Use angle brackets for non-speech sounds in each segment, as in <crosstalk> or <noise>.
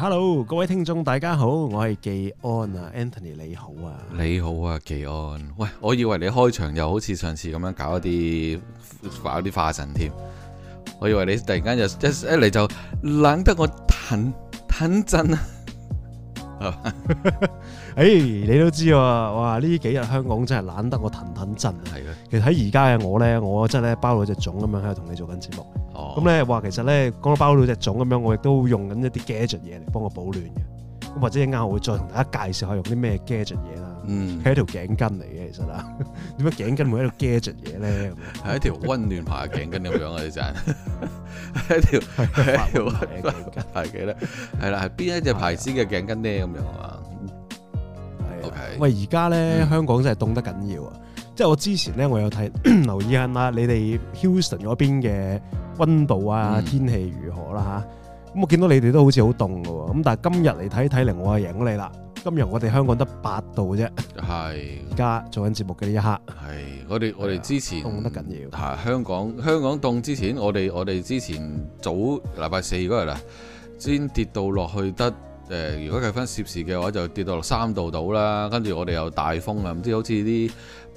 Hello，各位聽眾大家好，我係記安啊。Anthony 你好啊。你好啊，記安。喂，我以為你開場又好似上次咁樣搞一啲搞啲化神添，我以為你突然間就一一嚟就冷得我騰騰震啊。 <laughs> 好 <laughs> 誒，你都知喎，哇！呢幾日香港真係冷得我騰騰震啊！係咧，其實喺而家嘅我咧，我真係咧，包到隻粽咁樣喺度同你做緊節目。哦，咁咧話其實咧，講到包到隻粽咁樣，我亦都用緊一啲 gadget 嘢嚟幫我保暖嘅。咁或者一陣我會再同大家介紹下用啲咩 gadget 嘢啦。嗯，係一條頸巾嚟嘅，其實啦。點解頸巾會喺度 gadget 嘢咧？係一條溫暖牌嘅頸巾咁樣啊！你真係一條，一條，係幾多？係啦，係邊一隻牌子嘅頸巾咧？咁樣啊？Okay, 喂，而家咧香港真係凍得緊要啊！即係我之前咧，我有睇 <coughs> 留意下啦，你哋 Houston 嗰邊嘅溫度啊，嗯、天氣如何啦、啊、吓？咁、嗯、我見到你哋都好似好凍噶喎！咁但係今日嚟睇睇，零我係贏你啦！今日我哋香港得八度啫，係而家做緊節目嘅呢一刻，係我哋我哋之前凍得緊要。吓香港香港凍之前，我哋我哋之前早禮拜四嗰日啦，先跌到落去得。誒，如果計翻攝氏嘅話，就跌到三度到啦，跟住我哋又大風啦，唔知好似啲。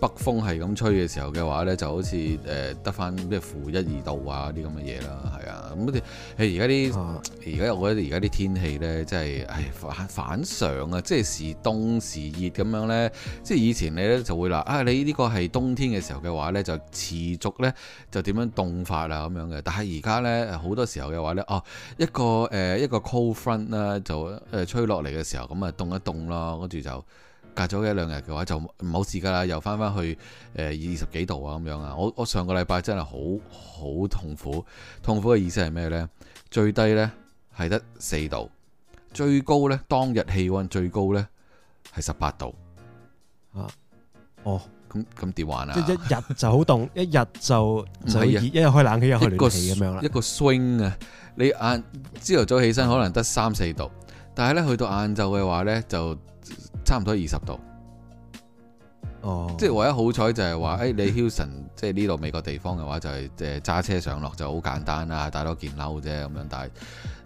北風係咁吹嘅時候嘅話呢，就好似誒得翻咩負一二度啊啲咁嘅嘢啦，係啊咁啲。而家啲而家我覺得而家啲天氣呢，真係誒反，反常啊！即係時凍時熱咁樣呢。即係以前你呢就會話啊，你呢個係冬天嘅時候嘅話呢，就持續呢，就點樣凍化啊咁樣嘅。但係而家呢，好多時候嘅話呢，哦、啊、一個誒、呃、一個 cold front 啦，就誒吹落嚟嘅時候咁啊凍一凍咯，跟住就。隔咗一兩日嘅話就冇事噶啦，又翻翻去誒、呃、二十幾度啊咁樣啊！我我上個禮拜真係好好痛苦，痛苦嘅意思係咩呢？最低呢，係得四度，最高呢，當日氣溫最高呢，係十八度啊！哦，咁咁點玩啊？一日就好凍、啊，一日就開熱一日開冷氣，又開暖氣咁個樣啦。一個 swing 啊！你晏朝頭早起身可能得三四度，但係呢，去到晏晝嘅話呢，就。差唔多二十度，哦！即係唯一好彩就係話，誒，你 Houston 即係呢度美國地方嘅話，就係誒揸車上落就好簡單啦，帶多件褸啫咁樣。但係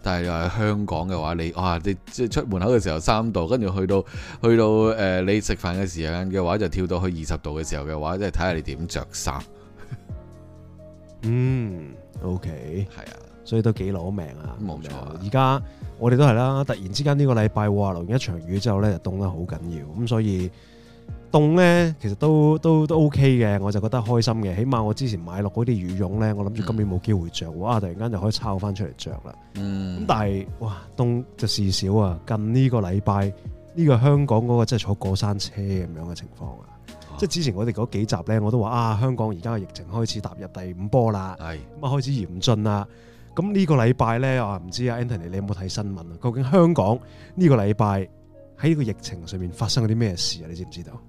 但係又係香港嘅話，你哇，你即係出門口嘅時候三度，跟住去到去到誒、呃、你食飯嘅時間嘅話，就跳到去二十度嘅時候嘅話，即係睇下你點着衫。嗯 <laughs> 、mm，OK，係啊，所以都幾攞命啊！冇錯，而家。我哋都係啦，突然之間呢個禮拜，哇，落完一場雨之後呢，就凍得好緊要咁，所以凍呢，其實都都都 OK 嘅，我就覺得開心嘅，起碼我之前買落嗰啲羽絨呢，我諗住今年冇機會著，哇，突然間就可以抄翻出嚟着啦。咁、嗯、但係哇，凍就事少啊，近呢個禮拜呢、呢個香港嗰個真係坐過山車咁樣嘅情況啊，即係之前我哋嗰幾集呢，我都話啊，香港而家嘅疫情開始踏入第五波啦，咁啊是開始嚴峻啦。咁呢個禮拜呢，我唔知啊 Anthony 你有冇睇新聞啊？究竟香港呢個禮拜喺個疫情上面發生咗啲咩事啊？你知唔知道？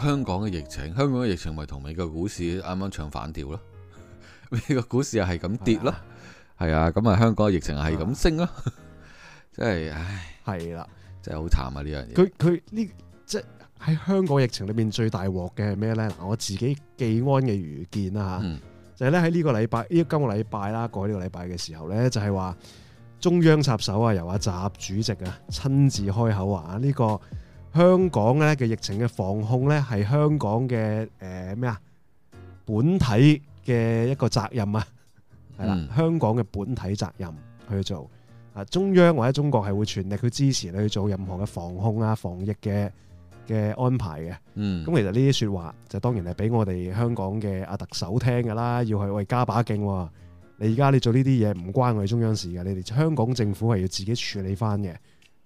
香港嘅疫情，香港嘅疫情咪同美國股市啱啱唱反調咯？ <laughs> 美國股市又係咁跌咯，係啊，咁啊香港嘅疫情係咁升咯， <laughs> 真係唉，係啦、啊，真係好慘啊呢樣嘢。佢佢呢即係喺香港疫情裏面最大鑊嘅係咩呢？嗱，我自己既安嘅愚見啦就係咧喺呢個禮拜，呢今個禮拜啦，改呢個禮拜嘅時候呢，就係、是、話中央插手啊，由阿習主席啊親自開口話呢、啊這個香港呢嘅疫情嘅防控呢，係香港嘅誒咩啊本體嘅一個責任啊係、嗯、啦，香港嘅本體責任去做啊，中央或者中國係會全力去支持你去做任何嘅防控啊防疫嘅。嘅安排嘅，嗯，咁其實呢啲說話就當然係俾我哋香港嘅阿特首聽噶啦，要去我哋加把勁，喔。你而家你做呢啲嘢唔關我哋中央事嘅，你哋香港政府係要自己處理翻嘅。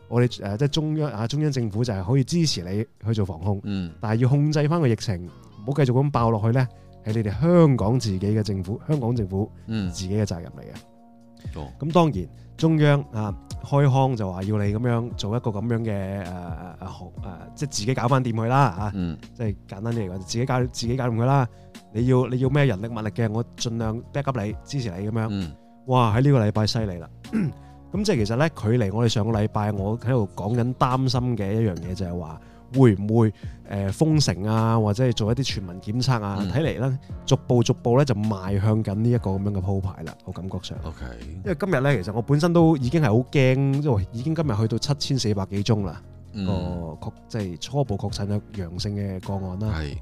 我哋誒、呃、即係中央啊，中央政府就係可以支持你去做防控，嗯，但係要控制翻個疫情，唔好繼續咁爆落去咧，係你哋香港自己嘅政府，香港政府自己嘅責任嚟嘅。咁、嗯嗯、當然中央啊。開腔就話要你咁樣做一個咁樣嘅誒誒學誒，即係自己搞翻掂佢啦吓，嗯、即係簡單啲嚟講，自己搞自己搞掂佢啦。你要你要咩人力物力嘅，我盡量 back up 你支持你咁樣。嗯、哇，喺呢個禮拜犀利啦！咁 <coughs> 即係其實咧，距離我哋上個禮拜我喺度講緊擔心嘅一樣嘢就係話。會唔會誒封城啊，或者係做一啲全民檢測啊？睇嚟咧，逐步逐步咧就邁向緊呢一個咁樣嘅鋪排啦。我感覺上，Okay. 因為今日咧，其實我本身都已經係好驚，因為已經今日去到七千四百幾宗啦。個確即係初步確診咗陽性嘅個案啦。係，呢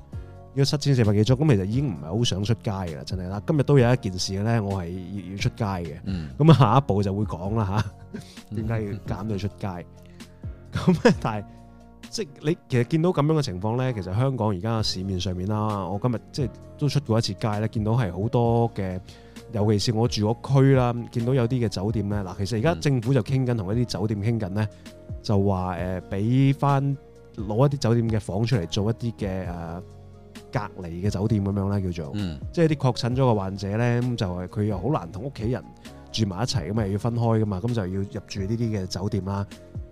個七千四百幾宗，咁其實已經唔係好想出街嘅啦，真係啦。今日都有一件事咧，我係要要出街嘅。咁、嗯、下一步就會講啦吓，點解要減到出街？咁但係。嗯 <laughs> 即你其實見到咁樣嘅情況呢，其實香港而家市面上面啦，我今日即都出過一次街咧，見到係好多嘅，尤其是我住個區啦，見到有啲嘅酒店呢，嗱，其實而家政府就傾緊同一啲酒店傾緊呢，就話誒，俾翻攞一啲酒店嘅房出嚟做一啲嘅誒隔離嘅酒店咁樣啦，叫做，嗯、即係啲確診咗嘅患者呢，咁就係佢又好難同屋企人住埋一齊，咁啊要分開噶嘛，咁就要入住呢啲嘅酒店啦。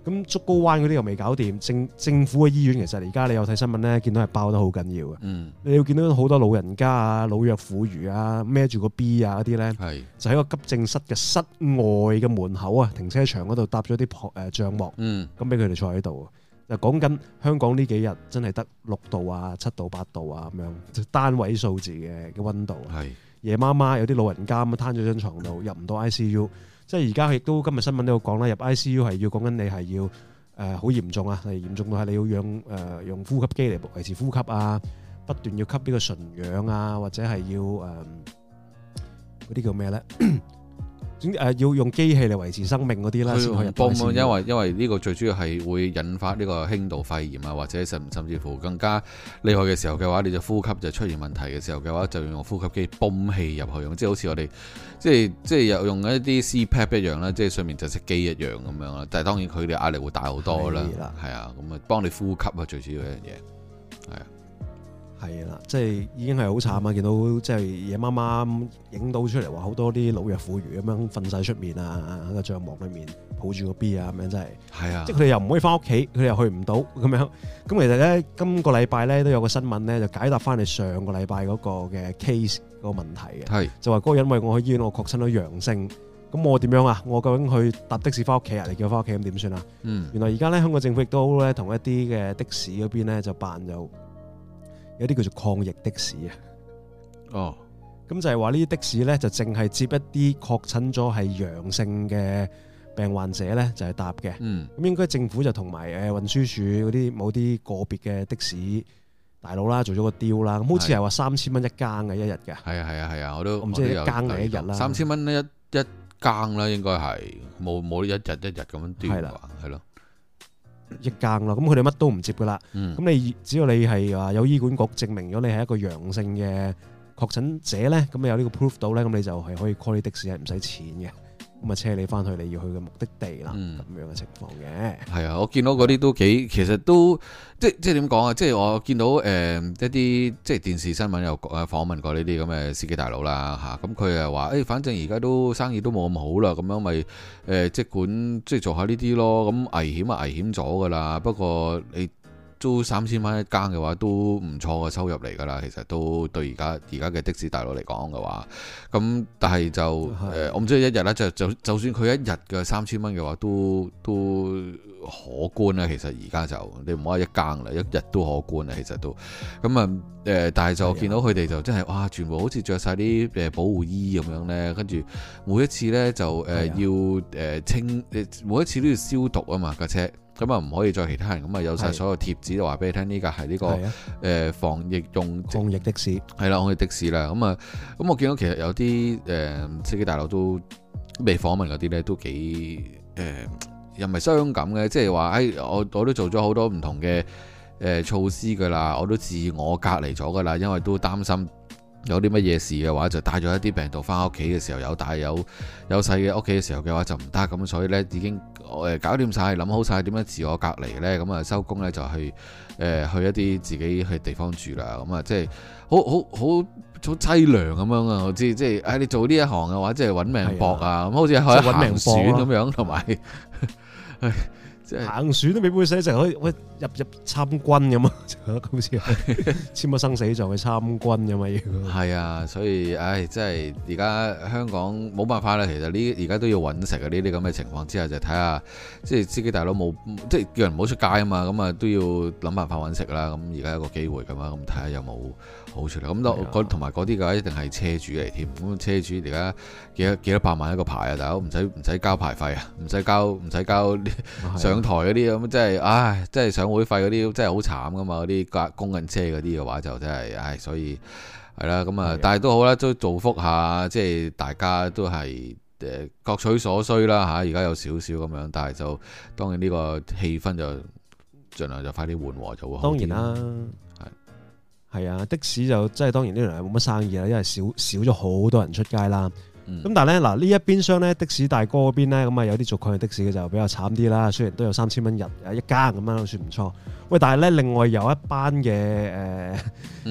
咁竹篙灣嗰啲又未搞掂，政政府嘅醫院其實而家你有睇新聞咧，見到係包得好緊要嘅。嗯，你要見到好多老人家啊、老弱婦孺啊，孭住個 B 啊嗰啲咧，係就喺個急症室嘅室外嘅門口啊、停車場嗰度搭咗啲誒帳幕，嗯，咁俾佢哋坐喺度。就講緊香港呢幾日真係得六度啊、七度、八度啊咁樣，就單位數字嘅嘅溫度。係夜媽媽有啲老人家咁攤咗張床度，入唔到 ICU。即係而家亦都今日新聞都有講啦，入 I C U 係要講緊你係要誒好嚴重啊，係嚴重到係你要用誒、呃、用呼吸機嚟維持呼吸啊，不斷要吸呢個純氧啊，或者係要誒嗰啲叫咩咧？ <coughs> 要用機器嚟維持生命嗰啲啦，因為因為呢個最主要係會引發呢個輕度肺炎啊，或者甚甚至乎更加厲害嘅時候嘅話，你就呼吸就出現問題嘅時候嘅話，就要用呼吸機泵氣入去用，即係好似我哋即係即係又用一啲 CPAP 一樣啦，即係上面就似機一樣咁樣啦。但係當然佢哋壓力會大好多啦，係啊的，咁啊，幫你呼吸啊，最主要一樣嘢，係啊。係啦，即係已經係好慘啊！見到即係夜麻麻影到出嚟，話好多啲老弱婦孺咁樣瞓晒出面啊，喺個帳幕裏面抱住個 B 啊咁樣，真係係啊！即係佢哋又唔可以翻屋企，佢哋又去唔到，咁樣咁其實咧，今個禮拜咧都有個新聞咧，就解答翻你上個禮拜嗰個嘅 case 個問題嘅。係是就話嗰個人因為我去醫院，我確診咗陽性，咁我點樣啊？我究竟去搭的士翻屋企啊？你叫我翻屋企咁點算啊？嗯，原來而家咧香港政府亦都咧同一啲嘅的士嗰邊咧就辦咗。有啲叫做抗疫的士啊，哦，咁就係話呢啲的士咧就淨係接一啲確診咗係陽性嘅病患者咧就係搭嘅，咁、嗯、應該政府就同埋誒運輸署嗰啲某啲個別嘅的、的士大佬啦做咗個 deal 啦，咁好似係話三千蚊一更嘅一日嘅，係啊係啊係啊，我都唔知即係一更嘅一日啦，三千蚊一一更啦應該係冇冇一日一日咁樣調嘅，係咯。一更咯，咁佢哋乜都唔接噶啦。咁你、嗯、只要你係話有醫管局證明咗你係一個陽性嘅確診者咧，咁你有呢個 proof 到咧，咁你就係可以 call 啲的士係唔使錢嘅。咁啊，車你返去你要去嘅目的地啦，咁樣嘅情況嘅。係啊，我見到嗰啲都幾，其實都即係即係點講啊？即係我見到誒、呃、一啲即係電視新聞又講啊，訪問過呢啲咁嘅司機大佬啦吓。咁佢又話誒，反正而家都生意都冇咁好啦，咁樣咪誒、呃，即管即係做下呢啲咯。咁危險啊，危險咗噶啦。不過你。都三千蚊一間嘅話，都唔錯嘅收入嚟㗎啦。其實都對而家而家嘅的士大佬嚟講嘅話，咁但係就誒的、呃，我唔知一日呢，就就就算佢一日嘅三千蚊嘅話，都都可觀啊。其實而家就你唔好話一間啦，一日都可觀啊。其實都咁啊誒，但係就我見到佢哋就真係的哇，全部好似着晒啲誒保護衣咁樣呢。跟住每一次呢，就誒、呃、的要誒、呃、清，每一次都要消毒啊嘛架、這個、車。咁啊，唔可以再其他人咁啊，有晒所有貼紙就話俾你聽，呢的、呢個係呢個誒防疫用防疫的士，係啦，我係的士啦。咁、嗯、啊，咁、嗯、我見到其實有啲誒司機大佬都未訪問嗰啲咧，都幾誒、呃、又唔係傷感嘅，即係話誒，我我都做咗好多唔同嘅誒、呃、措施㗎啦，我都自我隔離咗㗎啦，因為都擔心。有啲乜嘢事嘅話，就帶咗一啲病毒翻屋企嘅時候，有帶有有細嘅屋企嘅時候嘅話就唔得咁，所以呢，已經誒搞掂晒，諗好晒點樣自我隔離呢。咁啊收工呢，就去誒、呃、去一啲自己去地方住啦，咁啊即係好好好淒涼咁樣啊，我知即係，哎你做呢一行嘅話，即係揾命搏啊，咁、啊、好似可以行船咁樣同埋。嗯還有 <laughs> 行船都未必使，成可以喂入入參軍咁啊，好似簽個生死狀去參軍咁啊嘢。係 <laughs> 啊，所以唉、哎，真係而家香港冇辦法啦。其實呢而家都要揾食嘅呢啲咁嘅情況之下就看看，就睇下即係司機大佬冇即係叫人唔好出街啊嘛。咁啊都要諗辦法揾食啦。咁而家有個機會咁啊，咁睇下有冇好處啦。咁同埋嗰啲嘅一定係車主嚟添。咁車主而家幾多幾多百萬一個牌啊？大佬唔使唔使交牌費啊？唔使交唔使交上台嗰啲咁，即係，唉，即係上會費嗰啲，真係好慘噶嘛！嗰啲架公摁車嗰啲嘅話，就真係，唉，所以係啦，咁啊，但係都好啦，都造福下，即係大家都係誒各取所需啦吓，而家有少少咁樣，但係就當然呢個氣氛就盡量就快啲緩和咗。當然啦，係係啊，的士就即係當然呢樣係冇乜生意啦，因為少少咗好多人出街啦。咁、嗯、但係咧嗱，呢一邊廂咧，的士大哥嗰邊咧，咁啊有啲做抗疫的士嘅就比較慘啲啦，雖然都有三千蚊人啊一間咁樣都算唔錯。喂，但係咧，另外有一班嘅誒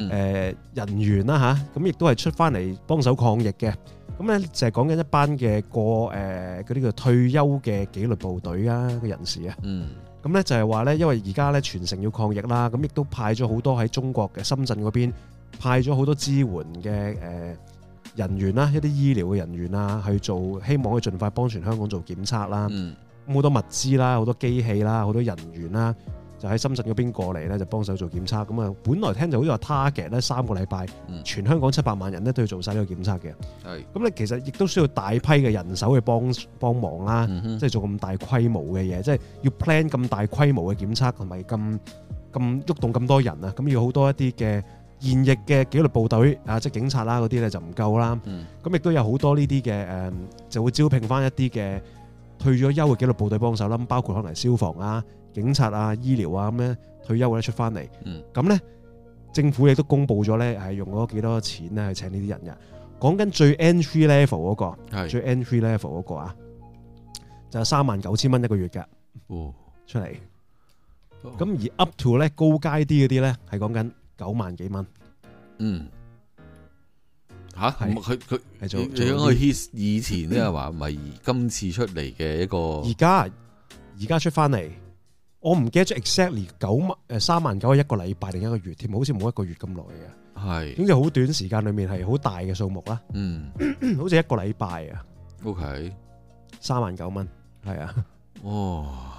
誒人員啦吓，咁亦都係出翻嚟幫手抗疫嘅。咁、嗯、咧就係、是、講緊一班嘅、呃那個誒嗰啲叫退休嘅紀律部隊啊嘅人士啊。咁咧、嗯嗯、就係話咧，因為而家咧全城要抗疫啦，咁亦都派咗好多喺中國嘅深圳嗰邊派咗好多支援嘅誒。呃人員啦，一啲醫療嘅人員啦，去做希望可以盡快幫全香港做檢測啦。咁好、嗯、多物資啦，好多機器啦，好多人員啦，就喺深圳嗰邊過嚟咧，就幫手做檢測。咁啊，本來聽就好似話 target 咧三個禮拜，嗯、全香港七百萬人咧都要做晒呢個檢測嘅。係、嗯。咁你其實亦都需要大批嘅人手去幫幫忙啦，即係、嗯、哼做咁大規模嘅嘢，即係要 plan 咁大規模嘅檢測同埋咁咁喐動咁多人啊，咁要好多一啲嘅。現役嘅紀律部隊啊，即係警察啦嗰啲咧就唔夠啦，咁亦、嗯、都有好多呢啲嘅誒，就會招聘翻一啲嘅退咗休嘅紀律部隊幫手啦，包括可能消防啊、警察啊、醫療啊咁樣呢退休嘅出翻嚟，咁咧、嗯、政府亦都公布咗咧係用嗰幾多錢咧去請呢啲人嘅，講緊最 entry level 嗰、那個，是最 entry level 嗰個啊，就係三萬九千蚊一個月嘅，哦、出嚟，咁而 up to 咧高階啲嗰啲咧係講緊。九萬幾蚊，9，嗯，吓，佢佢是，最做要佢 h 以前咧係話咪今次出嚟嘅一個，而家而家出翻嚟，我唔記得咗 exactly 連九誒三萬九係一個禮拜定一個月，添好似冇一個月咁耐嘅，係是總之好短時間裏面係好大嘅數目啦，嗯， <coughs> 好似一個禮拜啊，OK，三萬九蚊，係啊，哦。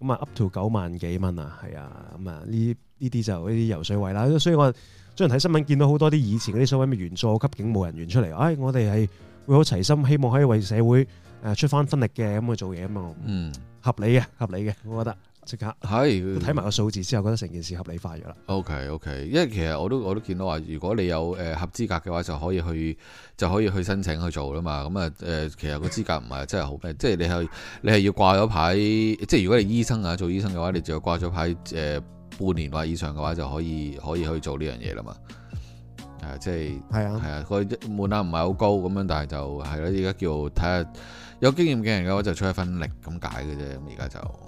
咁啊，up to 九萬幾蚊啊，係、嗯、啊，咁啊呢呢啲就呢啲游水位啦，所以我最近睇新聞見到好多啲以前嗰啲所謂咩原助級警務人員出嚟，唉、哎，我哋係會好齊心，希望可以為社會誒出翻分力嘅咁去做嘢啊嘛，嗯，嗯，合理嘅，合理嘅，我覺得。即刻，睇埋個數字之後，覺得成件事合理化咗啦。OK，OK，因為其實我都我都見到話，如果你有誒合資格嘅話，就可以去就可以去申請去做啦嘛。咁啊誒，其實個資格唔係真係好，即係你係你係要掛咗牌。即係如果你醫生啊做醫生嘅話，你就要掛咗牌誒、呃、半年或以上嘅話就可以可以去做呢樣嘢啦嘛。誒、啊，即係係啊，係啊，佢門檻唔係好高咁樣，但係就係咯。而家叫睇下有經驗嘅人嘅話，就出一分力咁解嘅啫。咁而家就。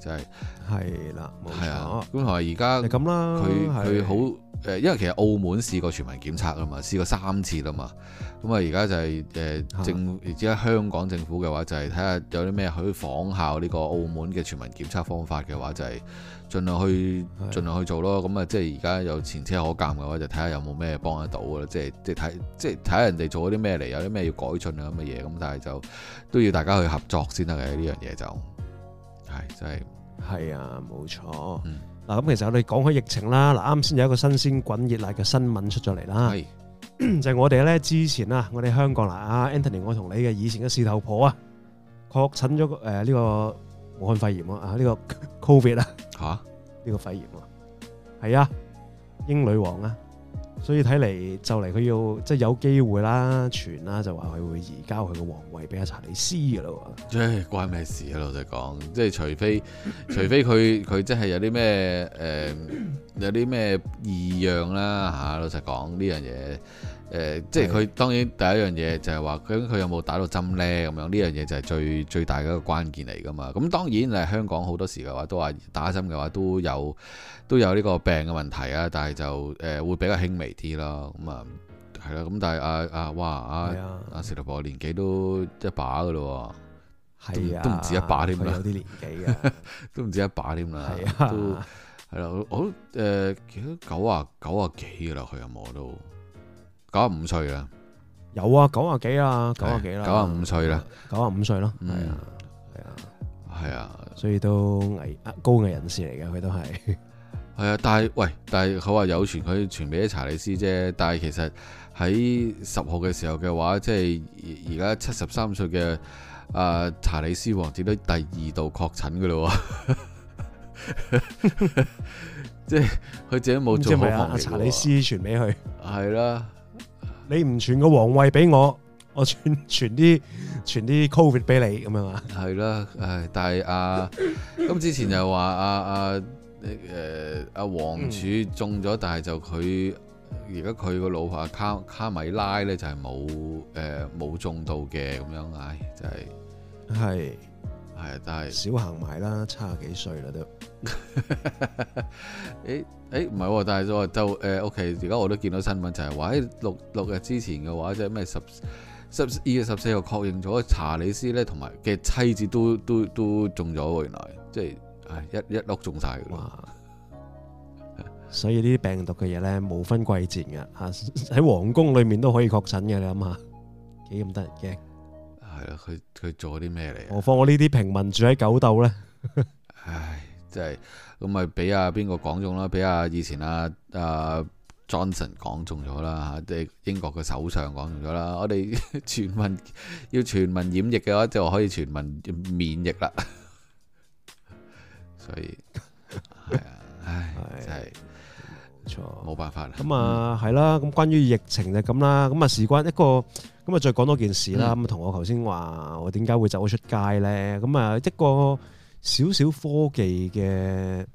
就係係啦，係啊的，咁同埋而家咁啦，佢佢好誒，因為其實澳門試過全民檢測啊嘛，試過三次啦嘛，咁啊而家就係誒政而家香港政府嘅話就係睇下有啲咩可以仿效呢個澳門嘅全民檢測方法嘅話就係盡量去的盡量去做咯，咁啊即係而家有前車可鑒嘅話就睇下有冇咩幫得到嘅，即係即係睇即係睇下人哋做咗啲咩嚟，有啲咩要改進啊咁嘅嘢，咁但係就都要大家去合作先得嘅呢樣嘢就。係真係係啊，冇錯。嗱咁、嗯、其實我哋講開疫情啦，嗱啱先有一個新鮮滾熱辣嘅新聞出咗嚟啦，係就係我哋咧之前啊，我哋香港嗱啊 Anthony，我同你嘅以前嘅事頭婆啊，確診咗誒呢個武漢肺炎啊啊呢個 Covid 啊吓呢個肺炎啊，係啊英女王啊。所以睇嚟就嚟佢要即係、就是、有機會啦，傳啦就話佢會移交佢個皇位俾阿查理斯噶啦喎。誒、哎，關咩事啊？老實講，即係除非 <coughs> 除非佢佢即係有啲咩誒有啲咩異樣啦吓、啊，老實講呢樣嘢。誒、呃，即係佢當然第一樣嘢就係話，咁佢有冇打到針咧？咁樣呢樣嘢就係最最大嘅一個關鍵嚟噶嘛。咁當然誒，香港好多時嘅話都話打針嘅話都有都有呢個病嘅問題啊，但係就誒、呃、會比較輕微啲咯。咁、嗯呃、的啊係啦。咁但係阿阿哇阿阿石頭婆年紀都一把噶咯，係啊，都唔的止一把添啦，有啲年紀嘅 <laughs> 都唔止一把添啦，的都係啦、嗯。我誒幾九啊九啊幾噶啦？佢有冇？都。呃九十五歲啦，歲有啊，九啊幾啦，九啊幾啦，九十五歲啦，九十五歲咯，係啊，係啊，係啊，所以都危高嘅人士嚟嘅，佢都係，係啊，但係喂，但係佢話有傳，佢傳俾查理斯啫，但係其實喺十號嘅時候嘅話，即係而家七十三歲嘅阿查理斯王子都第二度確診噶啦，即係佢自己冇做咩啊？查理斯傳俾佢，係啦。啊你唔傳個皇位俾我，我傳傳啲傳啲 COVID 俾你咁樣啊？係啦，唉，但係啊，咁 <laughs> 之前就話啊啊，誒啊，啊王儲中咗，但係就佢而家佢個老婆卡卡米拉咧就係冇誒冇中到嘅咁樣，唉、就係，就係係。係，但係少行埋啦，差幾歲啦都。誒誒、 <laughs> 欸，唔、欸、係、哦，但係就就誒、呃、OK，而家我都見到新聞，就係話喺六六日之前嘅話，即係咩十十二月十四號確認咗查理斯咧，同埋嘅妻子都都都，都中咗，原來即係、哎、一一碌中晒嘅。哇 <laughs> 所以呢啲病毒嘅嘢咧，冇分季節嘅吓，喺 <laughs> 皇宮裏面都可以確診嘅，你諗下幾咁得人驚。係啦，佢佢做咗啲咩嚟？何況我呢啲平民住喺狗竇咧？唉，真係咁咪俾阿邊個講中啦？俾阿以前阿阿 Johnson 講中咗啦吓，即係英國嘅首相講中咗啦。我哋全民要全民免疫嘅話，就可以全民免疫啦。所以係啊，唉，真係冇錯，冇辦法啦。咁啊，係啦。咁關於疫情就咁啦。咁啊，事關一個。咁啊，再講多件事啦。咁同、嗯、我頭先話，我點解會走咗出街咧？咁啊，一個小小科技嘅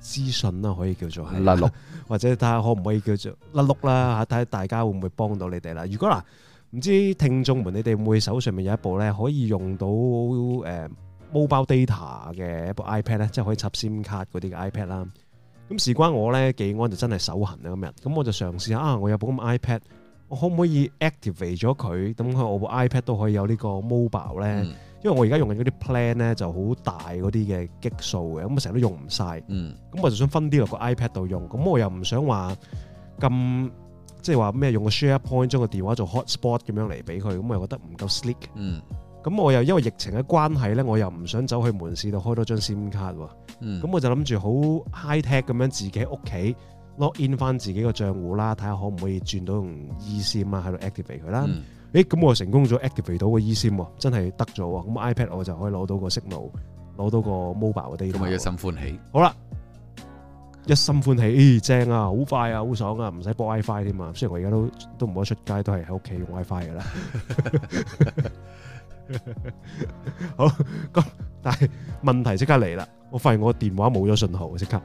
資訊啦，可以叫做甩碌，或者睇下可唔可以叫做甩碌啦嚇。睇下大家會唔會幫到你哋啦。如果嗱，唔知聽眾們，你哋會唔會手上面有一部咧可以用到誒 mobile data 嘅一部 iPad 咧，即係可以插 SIM 卡嗰啲嘅 iPad 啦。咁事關我咧，技安就真係手痕啦。今日，咁我就嘗試下啊，我有部咁 iPad。我可唔可以 activate 咗佢？咁佢我部 iPad 都可以有呢個 mobile 咧，嗯、因為我而家用緊嗰啲 plan 咧就好大嗰啲嘅 gig 數嘅，咁啊成日都用唔晒。咁、嗯、我就想分啲落個 iPad 度用，咁我又唔想話咁即係話咩用個 SharePoint 將個電話做 Hotspot 咁樣嚟俾佢，咁我又覺得唔夠 slick。咁、嗯、我又因為疫情嘅關係咧，我又唔想走去門市度開多張 SIM 卡喎。咁、嗯、我就諗住好 high tech 咁樣自己喺屋企。login 翻自己個賬戶啦，睇下可唔可以轉到用 eSIM 啊，喺度 activate 佢啦。誒、嗯，咁、欸、我成功咗 activate 到個 eSIM, 真係得咗啊！咁 iPad 我就可以攞到個 signal 攞到個 mobile 嗰啲。咁啊，一心歡喜。好啦，一心歡喜，誒，正啊，好快啊，好爽啊，唔使播 WiFi 添嘛。雖、啊、然我而家都都唔好出街，都係喺屋企用 WiFi 噶啦。 <laughs> 好，咁但係問題即刻嚟啦，我發現我電話冇咗信號，即刻。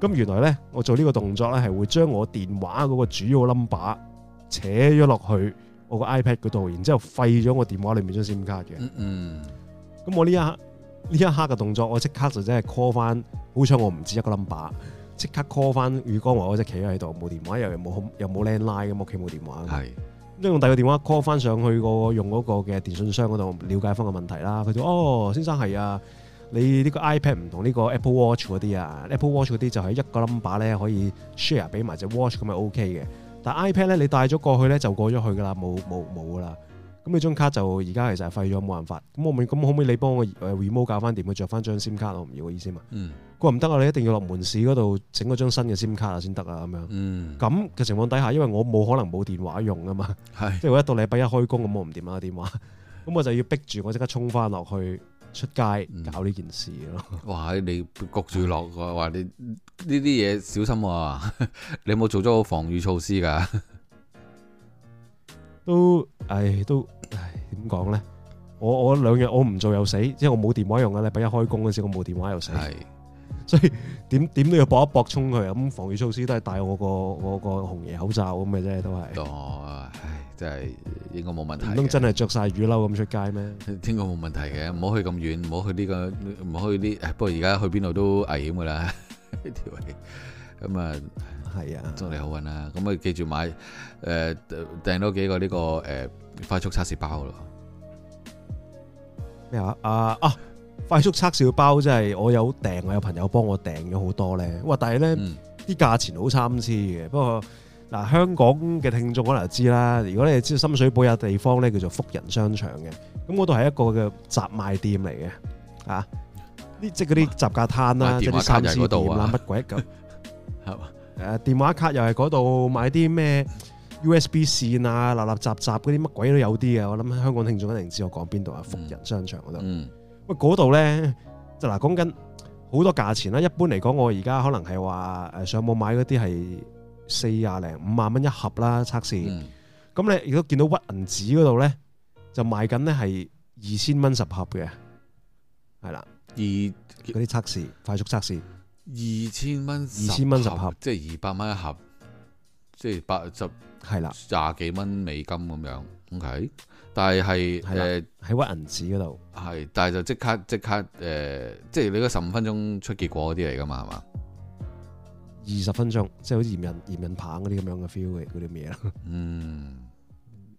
咁原來咧，我做呢個動作咧，係會將我電話嗰個主要 number 扯咗落去我個 iPad 嗰度，然之後廢咗我電話裏面張 SIM 卡嘅、嗯。嗯咁我呢一呢一刻嘅動作我我，我即刻就真係 call 翻，好彩我唔止一個 number，即刻 call 翻宇光華嗰隻企喺度冇電話，又又冇又冇 land line 咁屋企冇電話。係是。咁用第二個電話 call 翻上去用個用嗰個嘅電信商嗰度了解翻個問題啦。佢就哦，先生係啊。你呢個 iPad 唔同呢、這個 Apple Watch 嗰啲啊，Apple Watch 嗰啲就係一個冧巴咧，可以 share 俾埋隻 Watch 咁咪 OK 嘅。但 iPad 咧，你帶咗過去咧就過咗去噶啦，冇冇冇噶啦。咁你張卡就而家其實係廢咗，冇辦法。咁我咁可唔可以你幫我 remove 搞翻掂，佢著翻張 sim 卡我唔要嘅意思嘛？嗯。佢話唔得啊，你一定要落門市嗰度整嗰張新嘅 sim 卡啊先得啊咁樣。嗯。咁嘅情況底下，因為我冇可能冇電話用啊嘛。是即係我一到禮拜一開工咁，我唔掂啊電話。咁我就要逼住我即刻衝翻落去。出街唔搞呢件事咯。嗯！哇，你焗住落，話你呢啲嘢，小心，啊， <laughs> 你有冇做咗個防禦措施噶？ <laughs> 都，唉，都，唉，點講咧？我我兩日我唔做又死，即係我冇電話用啊！你第一開工嗰時候我冇電話又死。所以點點都要搏一搏衝佢，咁防禦措施都係戴我個我個紅爺口罩咁嘅啫，都係。哦，唉，真係應該冇問題。唔通真係着晒雨褸咁出街咩？天公冇問題嘅，唔好去咁遠，唔好去呢、這個，唔好去呢、這個。不過而家去邊度都危險噶啦，呢條氣。咁、嗯、啊，係啊，祝你好運啦。咁啊，嗯、記住買誒、呃、訂多幾個呢、這個誒快、呃、速測試包咯。咩啊？啊啊！快速測試包真係，我有訂，我有朋友幫我訂咗好多咧。哇！但係咧啲價錢好參差嘅。不過嗱，香港嘅聽眾可能知啦。如果你知道深水埗有地方咧叫做福仁商場嘅，咁嗰度係一個嘅雜賣店嚟嘅嚇。呢即係啲雜架攤啦，即係三絲店乜鬼咁係嘛？誒電話卡又係嗰度買啲咩 USB 線啊，立立雜雜嗰啲乜鬼都有啲嘅。我諗香港聽眾一定知我講邊度啊。福仁商場嗰度。嗰度咧，就嗱講緊好多價錢啦。一般嚟講，我而家可能係話誒上網買嗰啲係四廿零五萬蚊一盒啦，測試。咁、嗯、你如果見到屈銀紙嗰度咧，就賣緊咧係二千蚊十盒嘅，係啦。二嗰啲測試，快速測試。二千蚊。二千蚊十盒，盒即係二百蚊一盒，即係八十，係啦，廿幾蚊美金咁樣。二 OK。但係，誒的，喺屈銀紙嗰度，係的，的但係就即刻即刻誒、呃，即係你嗰十五分鐘出結果嗰啲嚟噶嘛，係嘛？二十分鐘，即係好似驗孕驗孕棒嗰啲咁樣嘅 feel 嘅嗰啲咩啦？嗯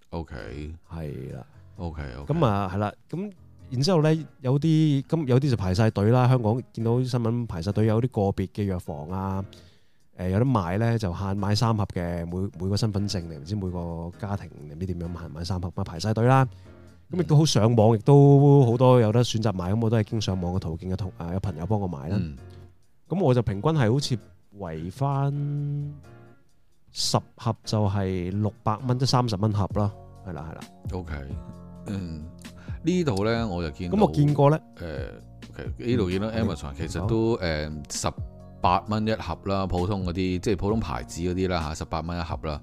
，OK，係啦，OK，咁啊，係啦，咁然之後咧，有啲咁有啲就排晒隊啦。香港見到新聞排晒隊，有啲個別嘅藥房啊。誒，有得買咧就限買三盒嘅，每每個身份證你唔知，每個家庭唔知點樣限買三盒，咁啊排晒隊啦。咁亦都好上網，亦都好多有得選擇買，咁我都係經上網嘅途徑，同啊有朋友幫我買啦。咁我就平均係好似圍翻十盒就係六百蚊，即係三十蚊盒囉。係啦，係啦。O K，嗯，呢度咧我就見，咁我見過咧。誒，O K，呢度見到 Amazon 其實都誒十。八蚊一盒啦，普通嗰啲即係普通牌子嗰啲啦嚇，十八蚊一盒啦。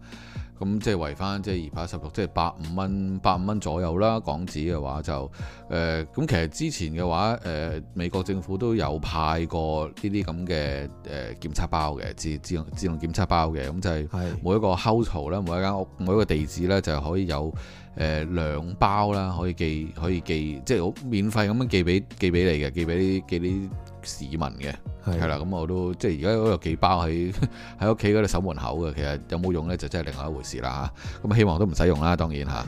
咁即係維翻即係二百一十六，即係百五蚊，百五蚊左右啦。港紙嘅話就誒咁、呃，其實之前嘅話誒、呃，美國政府都有派過呢啲咁嘅誒檢測包嘅自自動自動檢測包嘅咁就係每一個 household 啦，每一間屋每一個地址咧就可以有誒兩、呃、包啦，可以寄可以寄即係好免費咁樣寄俾寄俾你嘅，寄俾啲寄啲市民嘅。係啦，咁我都即係而家嗰度寄包喺喺屋企嗰度守門口嘅，其實有冇用咧，就真係另外一回事啦吓。咁、啊、希望都唔使用啦，當然吓。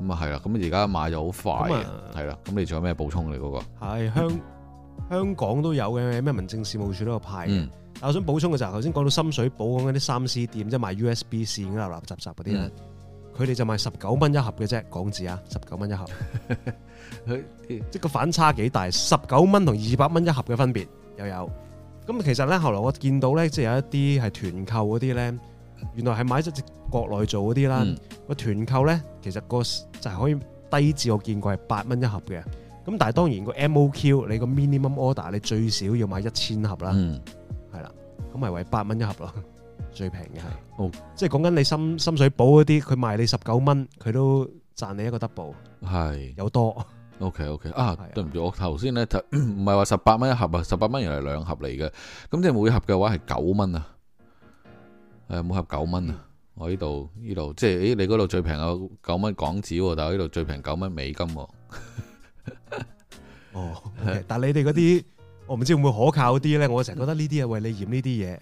咁啊係啦，咁而家買就好快，係啦、嗯。咁你仲有咩補充？你嗰個係香香港都有嘅，咩民政事務處都有派。嗯、但我想補充嘅就係頭先講到深水埗嗰啲三 C 店，即係賣 USB 線嗰垃雜雜嗰啲咧，佢哋就賣十九蚊一盒嘅啫，港紙啊，十九蚊一盒。 <laughs> 即係個反差幾大，十九蚊同二百蚊一盒嘅分別又有。咁其實咧，後來我見到咧，即係有一啲係團購嗰啲咧，原來係買咗國內做嗰啲啦。個、嗯、團購咧，其實、個就係、是、可以低至我見過係八蚊一盒嘅。咁但係當然個 MOQ，你個 minimum order，你最少要買一千盒啦。係啦、嗯，咁咪為八蚊一盒咯，最平嘅係。哦、即係講緊你深深水埗嗰啲，佢賣你十九蚊，佢都賺你一個 double。係是。有多。O K O K 啊，對唔住，我頭先咧就唔係話十八蚊一盒啊，十八蚊原來係兩盒嚟嘅，咁即係每盒嘅話係九蚊啊，誒每盒九蚊啊，我呢度呢度即係誒你嗰度最平有九蚊港紙，但係呢度最平九蚊美金喎，哦、 <laughs> oh, okay，但係你哋嗰啲我唔知會唔會可靠啲咧，我成日覺得呢啲係，為你染呢啲嘢。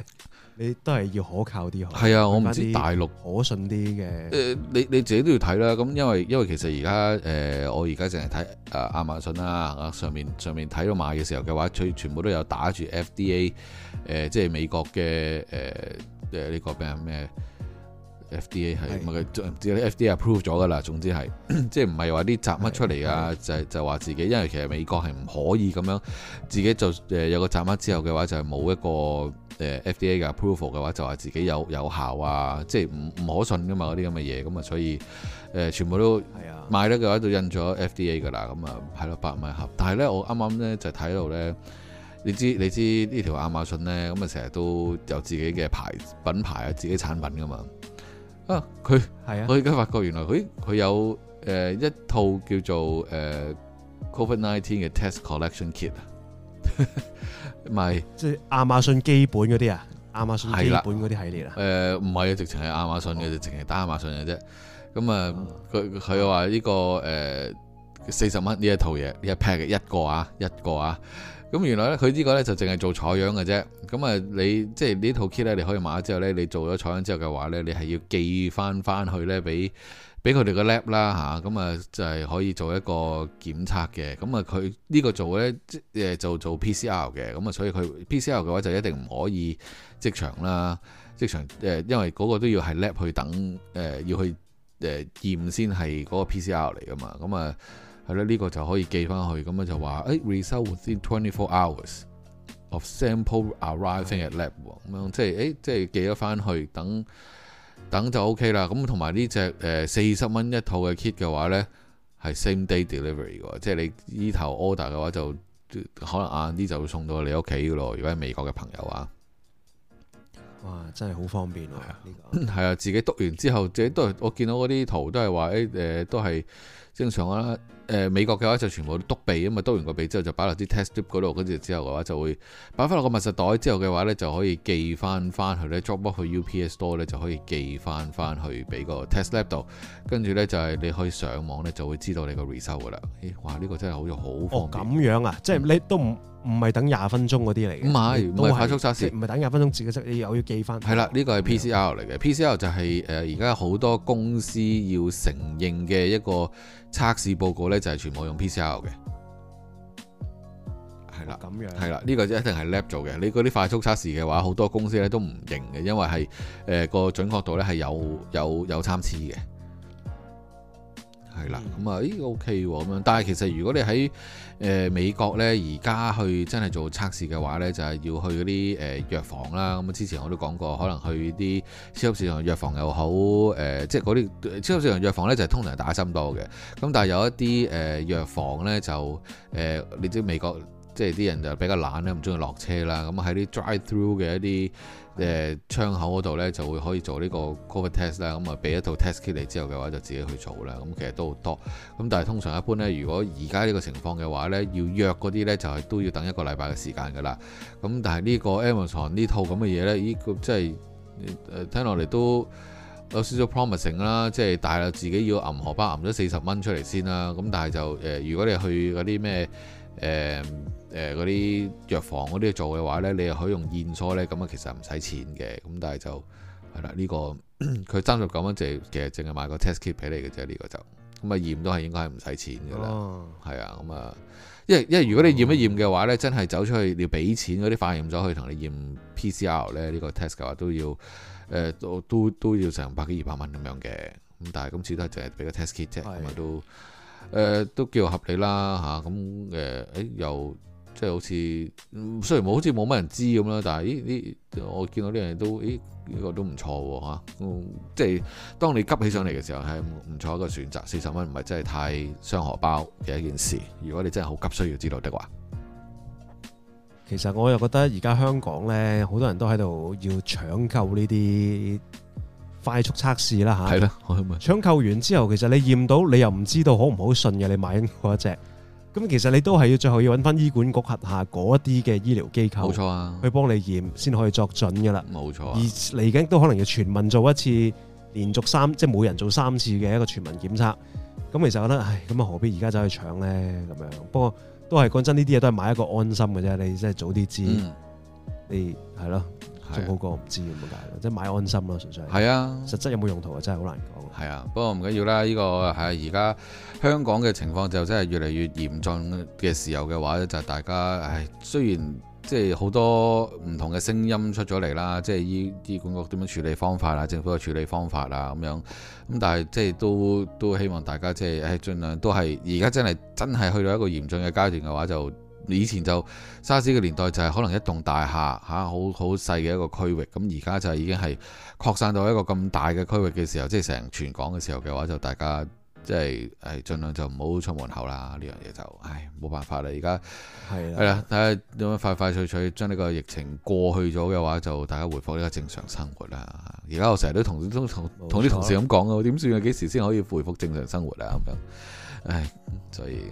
你都係要可靠啲，係啊！我唔知一大陸可信啲嘅。誒、呃，你你自己都要睇啦。咁因為因為其實而家誒，我而家淨係睇啊亞馬遜啦，上面上面睇到賣嘅時候嘅話，佢全，全部都有打住 FDA 誒、呃，即係美國嘅誒誒呢個咩咩 FDA 係乜嘅？即係是 FDA approve 咗噶啦。總之係 <coughs> 即係唔係話啲雜物出嚟啊是？就就話自己，因為其實美國係唔可以咁樣，自己就誒、呃、有個雜物之後嘅話，就係、是、冇一個。誒 FDA 嘅 approval 嘅話就係自己有有效啊，即係唔唔可信噶嘛嗰啲咁嘅嘢，咁啊、嗯、所以誒、呃、全部都係啊買得嘅話就印咗 FDA 噶啦，咁、嗯、啊係咯百米一盒。但係咧我啱啱咧就睇到咧，你知你知條呢條亞馬遜咧，咁啊成日都有自己嘅牌品牌啊，自己產品噶嘛啊，佢係啊我而家發覺原來佢佢有誒一套叫做誒、呃、Covid-19 嘅 test collection kit。唔係， <laughs> 是即係亞馬遜基本嗰啲啊，亞馬遜基本嗰啲系列啦。誒，唔係啊，直情係亞馬遜嘅，直情係打亞馬遜嘅啫。咁啊、哦，佢佢話呢個誒四十蚊呢一套嘢，一 pack 嘅一個啊，一個啊。咁、啊嗯、原來咧，佢呢個咧就淨係做採樣嘅啫。咁、嗯、啊，你即係呢套 kit 咧，你可以買咗之後咧，你做咗採樣之後嘅話咧，你係要寄翻翻去咧俾。俾佢哋個 lab 啦、啊、嚇，咁啊就係可以做一個檢測嘅，咁啊佢呢個做咧即誒就做 PCR 嘅，咁啊所以佢 PCR 嘅話就一定唔可以即場啦，即場誒、呃，因為嗰個都要係 lab 去等誒、呃，要去誒驗、呃、先係嗰個 PCR 嚟噶嘛，咁啊係咯，呢、這個就可以寄翻去，咁啊就話誒、hey, result within 24 hours of sample arriving at lab，咁樣、嗯、即係誒即係寄咗翻去等。等就 OK 啦。咁同埋呢隻誒四十蚊一套嘅 kit 嘅話呢，係 Same Day Delivery 嘅，即係你呢頭 order 嘅話就可能晏啲就會送到你屋企嘅咯。如果係美國嘅朋友啊，哇，真係好方便啊！呢、啊呢個係啊，自己篤完之後，即係都係我見到嗰啲圖都係話誒誒，都係正常啦、啊。誒、呃、美國嘅話就全部篤鼻，咁啊篤完個鼻之後就擺落啲 test tube 嗰度，跟住之後嘅話就會擺翻落個密實袋之後嘅話咧，就可以寄翻翻去咧，drop off 去 UPS 度咧就可以寄翻翻去俾個 test lab 度，跟住咧就係你可以上網咧就會知道你個 result 噶啦。咦、哎？哇！呢、這個真係好用，好咁、哦、樣啊！嗯、即係你都唔唔係等廿分鐘嗰啲嚟嘅，唔係快速測試，唔係等廿分鐘自己測，你又要寄翻。係啦，呢、這個係 PCR 嚟嘅 PCR 就係誒而家好多公司要承認嘅一個測試報告咧。就係全部用 PCR 嘅，係啦，係啦，呢個一定係 lab 做嘅。你嗰啲快速測試嘅話，好多公司咧都唔認嘅，因為係誒個準確度咧係有有有參差嘅。係啦，咁啊、嗯，依 OK 喎，咁 <noise> 樣、嗯。 <noise> 但係其實如果你喺誒美國呢，而家去真係做測試嘅話呢，就係、是、要去嗰啲誒藥房啦。咁之前我都講過，可能去啲超級市場藥房又好，誒、呃，即係嗰啲超級市場藥房呢，就係、是、通常打針多嘅。咁但係有一啲誒藥房呢，就誒、呃，你知美國即係啲人就比較懶咧，唔中意落車啦。咁喺啲 drive through 嘅一啲，誒窗口嗰度呢，就會可以做呢個 COVID test 啦，咁啊俾一套 test kit 你之後嘅話就自己去做啦，咁其實都好多，咁但係通常一般呢，如果而家呢個情況嘅話呢，要約嗰啲呢，就係都要等一個禮拜嘅時間噶啦，咁但係呢個 Amazon 呢套咁嘅嘢呢，呢個即係誒聽落嚟都有少少 promising 啦，即係大約自己要揞荷包揞咗四十蚊出嚟先啦，咁但係就誒如果你去嗰啲咩？誒誒，嗰啲藥房嗰啲做嘅話咧，你又可以用驗初咧，咁啊其實唔使錢嘅，咁但係就係啦，呢、這個佢三十九蚊，淨其實淨係買個 test kit 俾你嘅啫，呢、這個就咁啊驗都係應該係唔使錢嘅啦，係啊、哦，咁啊，因為因為如果你驗一驗嘅話咧，哦、真係走出去你要俾錢嗰啲化驗咗去同你驗 pcr 咧，呢、這個 test 嘅話都要誒、呃、都都都要成百幾二百蚊咁樣嘅，咁但係今次都係淨係俾個 test kit 啫的，咁啊都。誒、呃、都叫合理啦嚇，咁誒誒又即係好似雖然冇好似冇乜人知咁啦，但係咦呢我見到呢樣嘢都咦呢個都唔錯喎嚇，即係當你急起上嚟嘅時候係唔錯一個選擇，四十蚊唔係真係太傷荷包嘅一件事，如果你真係好急需要知道的話。其實我又覺得而家香港呢，好多人都喺度要搶購呢啲。快速測試啦嚇，係啦，搶購完之後其實你驗到你又唔知道好唔好信嘅，你買嗰一隻，咁其實你都係要最後要揾翻醫管局轄下嗰啲嘅醫療機構，冇錯啊，去幫你驗先可以作準噶啦，冇錯啊。而嚟緊都可能要全民做一次連續三，即係每人做三次嘅一個全民檢測，咁其實我覺得唉，咁啊何必而家走去搶呢？咁樣？不過都係講真，呢啲嘢都係買一個安心嘅啫，你真係早啲知，嗯，你係咯。仲好過唔知咁解，即係買安心咯，純粹。係啊，實質有冇用途啊？真係好難講。係啊，不過唔緊要啦。呢個係而家香港嘅情況就真係越嚟越嚴峻嘅時候嘅話咧，就係大家唉，雖然即係好多唔同嘅聲音出咗嚟啦，即係醫醫管局點樣處理方法啦，政府嘅處理方法啊咁樣，咁但係即係都都希望大家即係唉，儘量都係而家真係真係去到一個嚴峻嘅階段嘅話就。以前就沙士嘅年代就係可能一棟大廈吓好好細嘅一個區域，咁而家就已經係擴散到一個咁大嘅區域嘅時候，即係成全港嘅時候嘅話，就大家即係誒盡量就唔好出門口啦。呢樣嘢就唉冇辦法啦，而的家係啦，睇下點樣快快脆脆將呢個疫情過去咗嘅話，就大家回復呢個正常生活啦。而家我成日都同同啲同事咁講啊，點算啊？幾時先可以回復正常生活啊？咁樣，唉，所以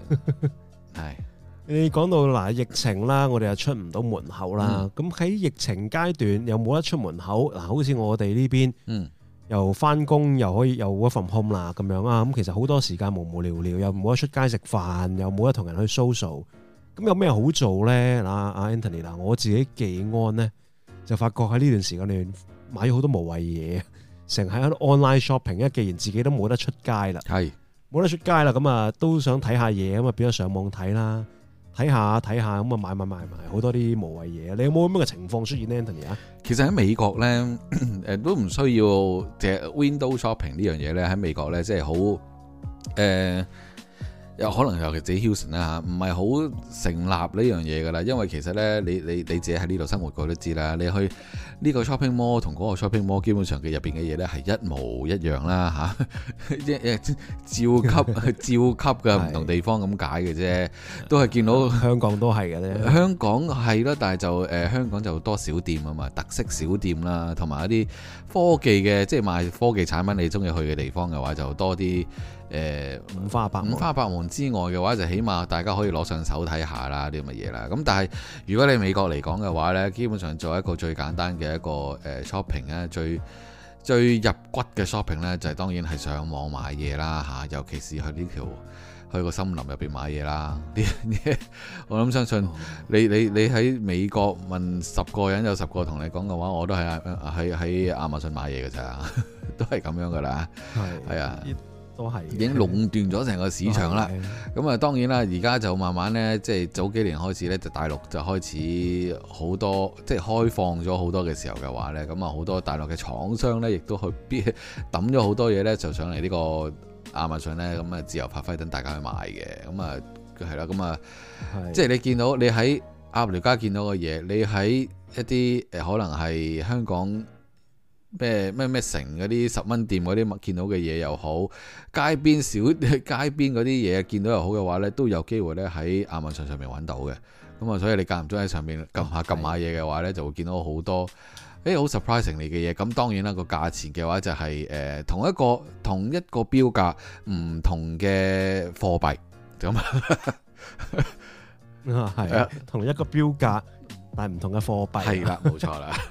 係。 <laughs> <laughs> 你講到嗱疫情啦，我哋又出唔到門口啦。咁喺、嗯、疫情階段，又冇得出門口嗱，好似我哋呢邊，嗯、又翻工又可以又 work from home 啦咁樣啊。咁其實好多時間無無聊聊，又冇得出街食飯，又冇得同人去 social。咁有咩好做咧嗱？阿、啊、Anthony 嗱，我自己寄安咧，就發覺喺呢段時間段買咗好多無謂嘢，成日喺度 online shopping。因為既然自己都冇得出街啦，係冇是得出街啦，咁啊都想睇下嘢，咁啊變咗上網睇啦。睇下睇下咁啊，買買買買，好多啲無謂嘢。你有冇咁樣嘅情況出現咧？Anthony 啊，其實喺美國咧，誒都唔需要隻 Window Shopping 呢樣嘢咧。喺美國咧，即係好誒。呃有可能尤其自己 h i l 啦嚇，唔係好成立呢樣嘢噶啦，因為其實咧，你你你自己喺呢度生活過都知啦。你去呢個 shopping mall 同嗰個 shopping mall 基本上佢入邊嘅嘢咧係一模一樣啦嚇，一、啊、 <laughs> 照級照級嘅唔 <laughs> 同地方咁解嘅啫，都係見到香港都係嘅咧。 <laughs> 香港係咯，但係就誒、呃、香港就多小店啊嘛，特色小店啦，同埋一啲科技嘅，即係賣科技產品，你中意去嘅地方嘅話就多啲。誒、呃、五花八五花八門之外嘅話，就起碼大家可以攞上手睇下啦啲咁嘅嘢啦。咁但係如果你美國嚟講嘅話呢，基本上做一個最簡單嘅一個誒 shopping 咧，最最入骨嘅 shopping 呢，就係、是、當然係上網買嘢啦嚇、啊，尤其是去呢條去個森林入邊買嘢啦。呢樣嘢我諗相信你你你喺美國問十個人有十個同你講嘅話，我都係喺喺亞馬遜買嘢嘅咋， <laughs> 都係咁樣噶啦。係係啊。對對都係已經壟斷咗成個市場啦。咁啊，當然啦，而家就慢慢呢，即係早幾年開始呢，就大陸就開始好多、嗯、即係開放咗好多嘅時候嘅話呢。咁啊好多大陸嘅廠商呢，亦都去抌咗好多嘢呢，就上嚟呢個亞馬遜呢。咁啊、嗯嗯、自由發揮，等大家去買嘅。咁啊係啦，咁啊即係你見到你喺亞馬遜家見到嘅嘢，你喺一啲誒可能係香港。咩咩咩城嗰啲十蚊店嗰啲，見到嘅嘢又好，街邊小街邊嗰啲嘢見到又好嘅話呢，都有機會呢喺亞馬遜上面揾到嘅。咁、嗯、啊，所以你間唔中喺上面撳下撳下嘢嘅話呢，Okay. 就會見到好多誒好 surprising 嚟嘅嘢。咁、欸、當然啦，個價錢嘅話就係、是、誒、呃、同一個同一個標價唔同嘅貨幣，就咁 <laughs> 啊，係、啊、同一個標價但係唔同嘅貨幣、啊，係啦、啊，冇錯啦， <laughs>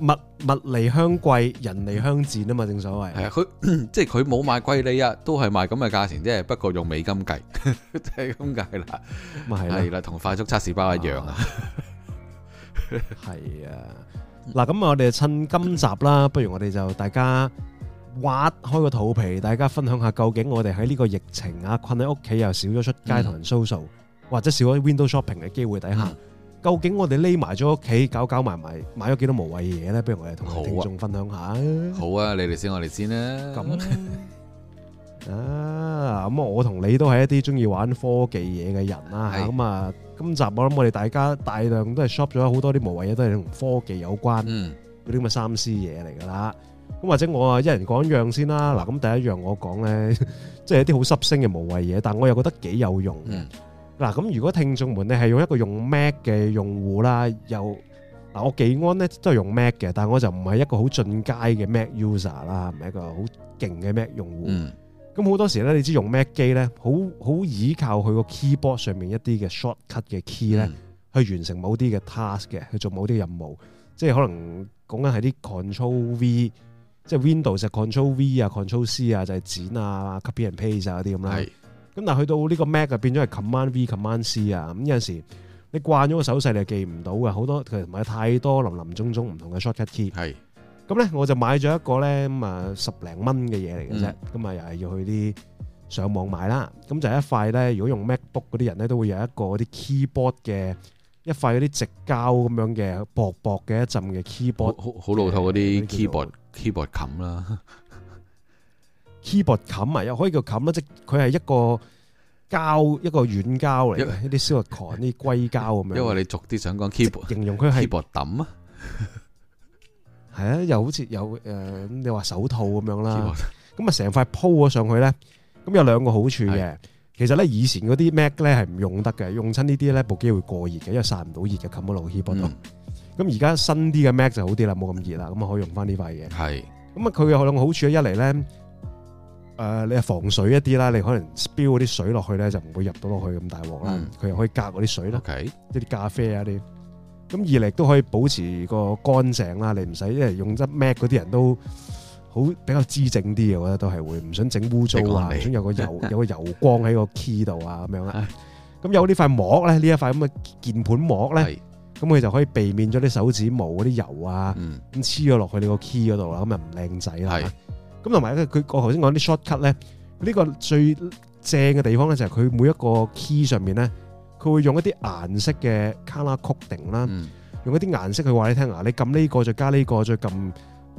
物物離鄉貴，人離鄉賤啊嘛，正所謂。係啊，佢即係佢冇賣貴你啊，都係賣咁嘅價錢啫，不過用美金計，呵呵就係咁計啦。咪係啦，同快速測試包一樣啊。係啊， <laughs> 嗱，咁啊，我哋趁今集啦，不如我哋就大家挖開個肚皮，大家分享下究竟我哋喺呢個疫情啊困喺屋企又少咗出街同人蘇蘇，嗯、或者少喺 window shopping 嘅機會底下。嗯究竟我哋匿埋咗屋企搞搞埋埋買咗幾多無謂嘢咧？不如我哋同聽眾分享下。好啊， <laughs> 好啊，你嚟先，我嚟先啦。咁 <laughs> 啊，咁、嗯、我同你都係一啲中意玩科技嘢嘅人啦。咁是啊，今集我諗我哋大家大量都係 shop 咗好多啲無謂嘢，都係同科技有關嗰啲咁嘅三 C 嘢嚟噶啦。咁、嗯、或者我啊一人講一樣先啦。嗱、啊，咁、嗯、第一樣我講咧，即係一啲好濕星嘅無謂嘢，但我又覺得幾有用。嗯嗱，咁如果聽眾們咧係用一個用 Mac 嘅用戶啦，又嗱，我幾安咧都係用 Mac 嘅，但係我就唔係一個好進階嘅 Mac user 啦，唔係一個好勁嘅 Mac 用戶。咁好、嗯、多時咧，你知用 Mac 機咧，好好倚靠佢個 keyboard 上面一啲嘅 shortcut 嘅 key 咧、嗯，去完成某啲嘅 task 嘅，去做某啲任務。即係可能講緊係啲 control V，即係 Windows 就 control V 啊，control C 啊，就係剪啊，copy and paste 啊嗰啲咁啦。咁但去到呢個 Mac 啊，變咗係 Command V、Command C 啊，咁有陣時你慣咗個手勢，你就記唔到嘅。好多其實買太多林林種種唔同嘅 shortcut key 是。係。咁咧我就買咗一個咧咁啊十零蚊嘅嘢嚟嘅啫，咁啊、嗯、又係要去啲上網買啦。咁就一塊咧，如果用 MacBook 嗰啲人咧，都會有一個啲 keyboard 嘅一塊嗰啲直膠咁樣嘅薄薄嘅一浸嘅 keyboard，好，好，好老套嗰啲 keyboard，keyboard 冚啦。keyboard 冚埋又可以叫冚啦，即佢係一個膠，一個軟膠嚟嘅， <laughs> 一啲 silicone 啲硅膠咁樣。因為你逐啲想講 keyboard，形容佢係 keyboard 抌啊，係 Key board <laughs> 啊，又好似有誒、呃，你話手套咁樣啦。咁啊，成塊鋪咗上去咧，咁有兩個好處嘅。是其實咧，以前嗰啲 Mac 咧係唔用得嘅，用親呢啲咧部機會過熱嘅，因為散唔到熱嘅冚唔到 keyboard。咁而家新啲嘅 Mac 就好啲啦，冇咁熱啦，咁啊可以用翻呢塊嘢。係咁啊，佢 <laughs> 有兩個好處啊，一嚟咧。誒，你係防水一啲啦，你可能 spill 嗰啲水落去咧，就唔會入到落去咁大鑊啦。佢又、嗯、可以隔嗰啲水啦，Okay. 一啲咖啡啊啲。咁二嚟都可以保持個乾淨啦。你唔使，因為用得 Mac 嗰啲人都好比較滋整啲嘅，我覺得都係會唔想整污糟啊，唔想有個油有個油光喺個 key 度啊咁樣啦。咁有呢塊膜咧，呢一塊咁嘅鍵盤膜咧，咁佢是就可以避免咗啲手指毛嗰啲油啊，咁黐咗落去你個 key 嗰度啦，咁又唔靚仔啦。咁同埋咧，佢我頭先講啲 shortcut 咧，呢個最正嘅地方咧就係佢每一個 key 上面咧，佢會用一啲顏色嘅 color coding 啦、嗯，用一啲顏色去話你聽啊，你撳呢個再加呢個再撳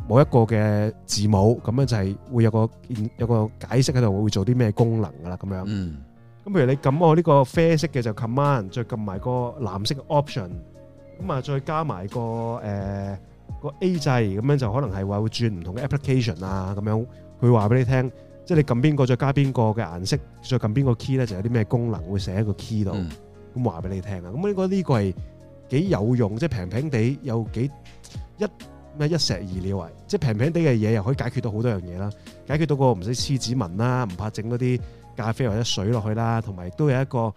某一個嘅字母，咁樣就係會有個有個解釋喺度，會做啲咩功能噶啦，咁樣。咁、嗯、譬如你撳我呢個啡色嘅就 command，再撳埋個藍色嘅 option，咁啊再加埋、個誒。呃個 A 制咁樣就可能係話會轉唔同嘅 application 啊，咁樣佢話俾你聽，即係你撳邊個再加邊個嘅顏色，再撳邊個 key 咧就有啲咩功能會寫喺個 key 度，咁話俾你聽啊。咁呢個呢個係幾有用，即係平平地有幾一咩一石二鳥啊！即係平平地嘅嘢又可以解決到好多樣嘢啦，解決到個唔使黐指紋啦，唔怕整嗰啲咖啡或者水落去啦，同埋都有一個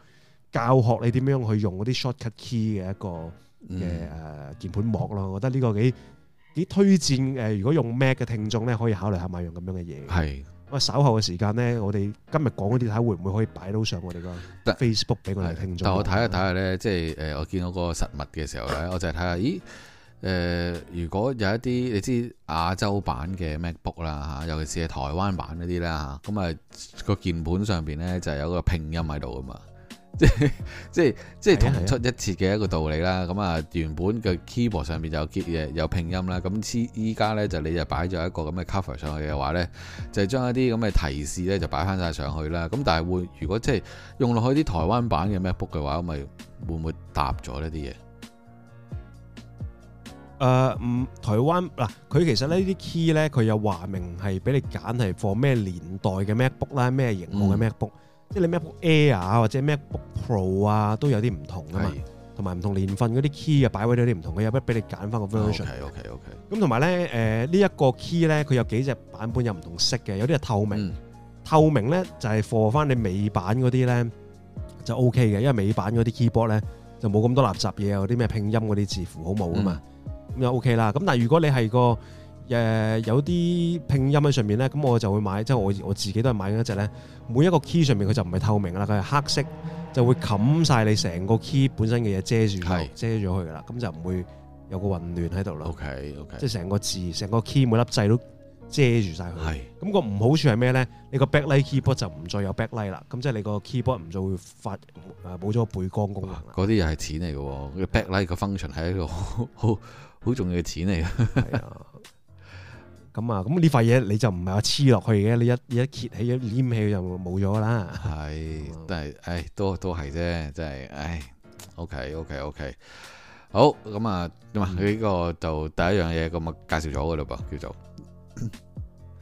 教學你點樣去用嗰啲 shortcut key 嘅一個嘅誒、嗯 uh，鍵盤膜咯。我覺得呢個幾～啲推薦誒、呃，如果用 Mac 嘅聽眾咧，可以考慮下買用咁樣嘅嘢。係我的稍後嘅時間咧，我哋今日講啲睇會唔會可以擺到上我哋個 Facebook 俾我哋但聽眾。但我睇下睇下咧，即係誒、呃，我見到個實物嘅時候咧， <laughs> 我就係睇下，咦誒、呃，如果有一啲你知亞洲版嘅 MacBook 啦嚇，尤其是係台灣版嗰啲咧嚇，咁、那、啊個鍵盤上邊咧就係、是、有個拼音喺度啊嘛。 <laughs> 即即即同出一切嘅一個道理啦。咁啊的，原本嘅 keyboard 上面就有嘅，有拼音啦。咁依家咧就你就擺咗一個咁嘅 cover 上去嘅話咧，就係、是、將一啲咁嘅提示咧就擺翻晒上去啦。咁但係會如果即係用落去啲台灣版嘅 MacBook 嘅話，咪會唔會搭咗呢啲嘢？誒唔、呃、台灣嗱，佢、啊、其實呢啲 key 咧，佢有話明係俾你揀係放咩年代嘅 MacBook 啦，咩螢幕嘅 MacBook。即係你 MacBook Air 啊，或者 MacBook Pro 啊，都有啲唔同噶嘛，的同埋唔同年份嗰啲 key 啊擺位都有啲唔同，佢有俾俾你揀翻個 version、嗯。OK OK OK。咁同埋咧，誒、呃這個、呢一個 key 咧，佢有幾隻版本又唔同色嘅，有啲係透明。嗯、透明咧就係、是、for 翻你美版嗰啲咧就 OK 嘅，因為美版嗰啲 keyboard 咧就冇咁多垃圾嘢，有啲咩拼音嗰啲字符好冇噶嘛，咁、嗯、就 OK 啦。咁但係如果你係個誒有啲拼音喺上面咧，咁我就會買，即係我我自己都係買嗰隻咧。每一個 key 上面佢就唔係透明啦，佢係黑色，就會冚晒你成個 key 本身嘅嘢遮住，是遮咗佢啦。咁就唔會有個混亂喺度啦。OK OK，即係成個字，成個 key 每粒掣都遮住晒佢。係咁是個唔好處係咩咧？你個 backlight keyboard 就唔再有 backlight 啦。咁即係你個 keyboard 唔再會發冇咗個背光，光，光功能。嗰啲又係錢嚟嘅喎，backlight 嘅 function 係一個好好重要嘅錢嚟。咁啊，咁呢塊嘢你就唔係話黐落去嘅，你一你一揭起，一黏起就冇咗啦。係是吧、哎，都係，唉，都都係啫，真係，唉、哎，OK，OK，OK，okay, okay, okay. 好，咁啊，咁啊，呢個就第一樣嘢，咁啊，介紹咗噶啦噃，叫做，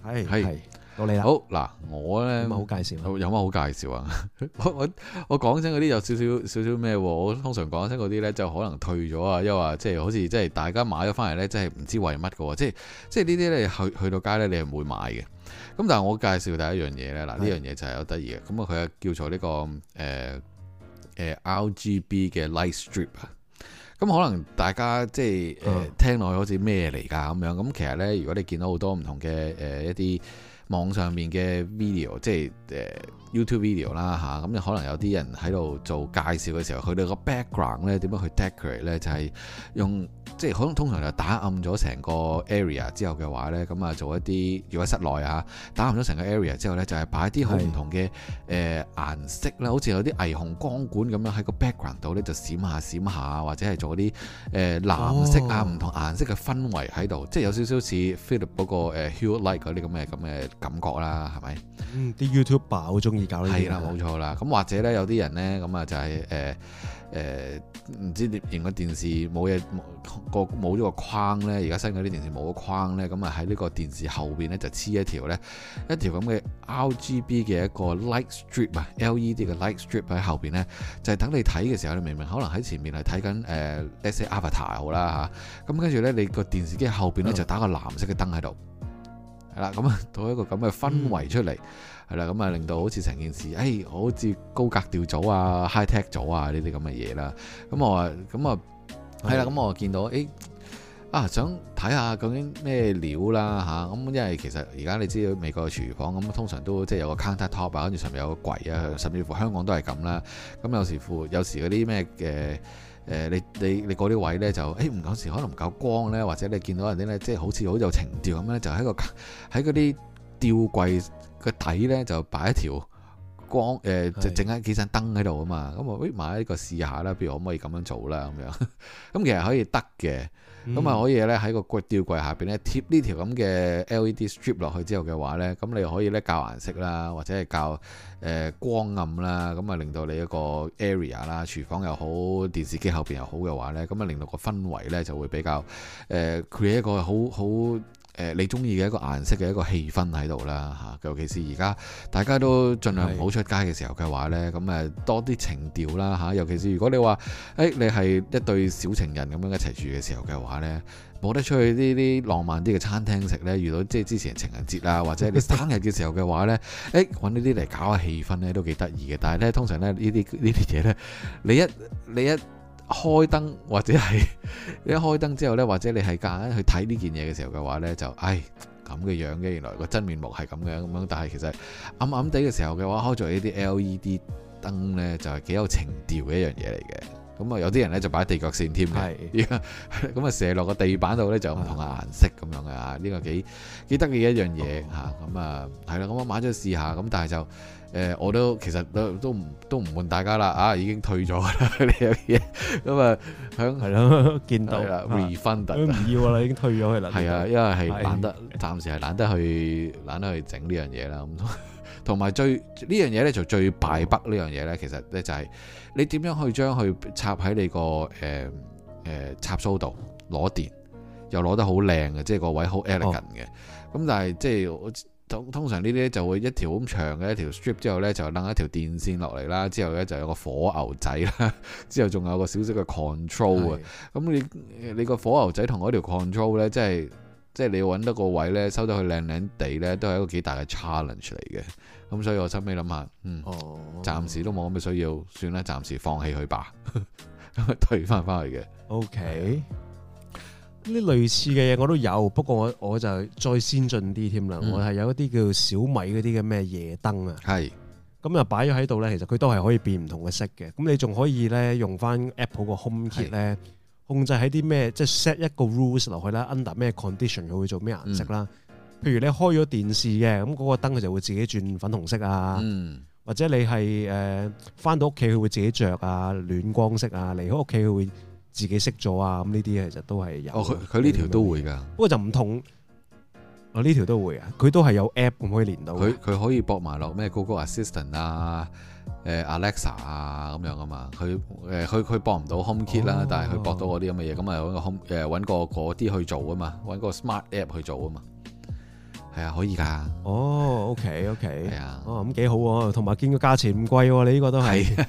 係係。 <coughs> 是是好嗱，我咧好介紹，有乜好介紹啊？ <laughs> 我我我講真嗰啲有少少少少咩、啊？我通常講真嗰啲咧就可能退咗啊，又話即係好似即係大家買咗翻嚟咧，即係唔知為乜嘅，即係即係呢啲咧去去到街咧，你係唔會買嘅。咁但係我介紹第一樣嘢咧，嗱呢是樣嘢就係好得意嘅。咁啊，佢啊叫做呢、這個誒誒 RGB 嘅 Light Strip 咁、嗯嗯、可能大家即係誒聽落去好似咩嚟噶咁樣。咁其實咧，如果你見到好多唔同嘅誒一啲。呃呃呃呃呃呃呃網上面嘅 video，即係誒。呃 YouTube video 啦吓，咁你可能有啲人喺度做介紹嘅時候，佢哋個 background 咧點樣去 decorate 咧，就係、是、用即係可能通常就打暗咗成個 area 之後嘅話咧，咁啊做一啲如果室內啊打暗咗成個 area 之後咧，就係、是、擺啲好唔同嘅誒顏色啦，好似的、呃、有啲霓虹光管咁樣喺個 background 度咧就閃下閃下，或者係做啲誒、呃、藍色啊唔同顏色嘅氛圍喺度，哦、即係有少少似 Philip、嗰個誒 hue light 啲咁嘅咁嘅感覺啦，係咪？嗯，啲 YouTuber 好中意。係、 <noise> 啊、啦，冇錯啦。咁或者咧，有啲人咧，咁啊就係誒誒，唔、呃、知點？而家電視冇嘢，個冇咗個框。咧而家新嗰啲電視冇個框咧，咁啊喺呢個電視後邊咧就黐一條咧，一條咁嘅 RGB 嘅一個 light strip 啊，LED 嘅 light strip 喺後邊咧，就係、是、等你睇嘅時候，你明明可能喺前面係睇緊誒 let's say avatar 好啦吓。咁跟住咧，你個電視機後邊咧就打個藍色嘅燈喺度。係啦，咁啊，到一個咁嘅氛圍出嚟，係啦、嗯，咁啊，令到好似成件事，誒、哎，好似高格調組啊，high tech 組啊，呢啲咁嘅嘢啦，咁我啊，咁啊，係啦，咁我見到，誒、哎，啊，想睇下究竟咩料啦，嚇、啊，咁因為其實而家你知道美國嘅廚房咁，通常都即係有個 counter top 啊，跟住上面有個櫃啊，甚至乎香港都係咁啦，咁有時附有時嗰啲咩嘅。呃誒、呃，你你你嗰啲位咧就，誒唔夠時可能唔夠光咧，或者你見到人哋咧，即係好似好有情調咁咧，就喺個喺嗰啲吊櫃個底咧就擺一條光，誒就整下幾盞燈喺度啊嘛，咁啊喂買一個試一下啦，譬如可唔可以咁樣做啦咁樣，咁 <laughs> 其實可以得嘅。咁啊可以咧喺個吊櫃,櫃下邊咧貼呢條咁嘅 LED strip 落去之後嘅話咧，咁你可以咧較顏色啦，或者係較誒光暗啦，咁啊令到你一個 area 啦，廚房又好，電視機後邊又好嘅話咧，咁啊令到個氛圍咧就會比較誒、呃、create 一個好好。誒，你中意嘅一個顏色嘅一個氣氛喺度啦，嚇！尤其是而家大家都盡量唔好出街嘅時候嘅話呢，咁誒多啲情調啦，嚇！尤其是如果你話，誒、欸，你係一對小情人咁樣一齊住嘅時候嘅話呢，冇得出去呢啲浪漫啲嘅餐廳食呢。遇到即係之前情人節啊，或者你生日嘅時候嘅話呢，誒揾呢啲嚟搞下氣氛呢都幾得意嘅。但係呢，通常咧呢啲呢啲嘢呢，你一你一。開燈或者係 <laughs> 一開燈之後咧，或者你係夾硬去睇呢件嘢嘅時候嘅話咧，就唉咁嘅樣嘅，原來個真面目係咁樣咁樣。但係其實暗暗地嘅時候嘅話，開咗呢啲 L E D 燈咧，就係、是、幾有情調嘅一，是、 <laughs> 嗯、一樣嘢嚟嘅。咁、這個哦、啊，有啲人咧就擺喺地腳線添嘅，咁啊射落個地板度咧就唔同嘅顏色咁樣嘅。呢個幾幾得意嘅一樣嘢吓，咁啊係啦，咁我買咗去試下，咁但係就。誒，我都其實都都唔都唔瞞大家啦，啊，已經退咗啦呢樣嘢，咁啊，響係咯，見到啦，refund 唔要啦，已經退咗佢啦。係啊，因為係懶得，的暫時係懶得去懶得去整、嗯、呢樣嘢啦。咁同埋最呢樣嘢咧，就最敗筆呢樣嘢咧，其實咧就係你點樣去將佢插喺你個誒誒插蘇度攞電，又攞得好靚嘅，即係個位好 elegant 嘅。咁但係即係通常呢啲就會一條咁長嘅一條 strip 之後呢，就掟一條電線落嚟啦，之後呢，就有個火牛仔啦， <laughs> 之後仲有個小小嘅 control 啊的。咁你你個火牛仔同嗰條 control 呢，即係即係你揾得個位呢，收到佢靚靚地呢，都係一個幾大嘅 challenge 嚟嘅。咁所以我收尾諗下，嗯，oh, okay. 暫時都冇咁嘅需要，算啦，暫時放棄佢吧。退翻翻去嘅。OK。呢類似嘅嘢我都有，不過我我就再先進啲添啦。嗯、我係有一啲叫小米嗰啲嘅咩夜燈啊，咁又擺咗喺度咧。其實佢都係可以變唔同嘅色嘅。咁你仲可以咧用翻 Apple 個 HomeKit 咧是控制喺啲咩，即係 set 一個 rules 落去啦。Under 咩 condition 佢會做咩顏色啦？嗯、譬如你開咗電視嘅，咁、那、嗰個燈佢就會自己轉粉紅色啊。嗯、或者你係誒返到屋企佢會自己着啊暖光色啊，離開屋企佢會,會。自己識做啊！咁呢啲其實都係有。哦，佢佢呢條都會噶，不過就唔同。我呢、哦、條都會啊，佢都係有 app 咁可以連到。佢佢可以駁埋落咩 Google Assistant 啊、誒 Alexa 啊咁樣啊嘛。佢誒佢佢駁唔到 HomeKit 啦、哦，但係佢駁到嗰啲咁嘅嘢，咁啊揾個 home 誒揾個啲去做啊嘛，揾個 smart app 去做啊嘛。係啊，可以㗎。哦，OK，OK，係啊。哦，咁幾好喎、啊，同埋見個價錢唔貴喎、啊，你呢個都係。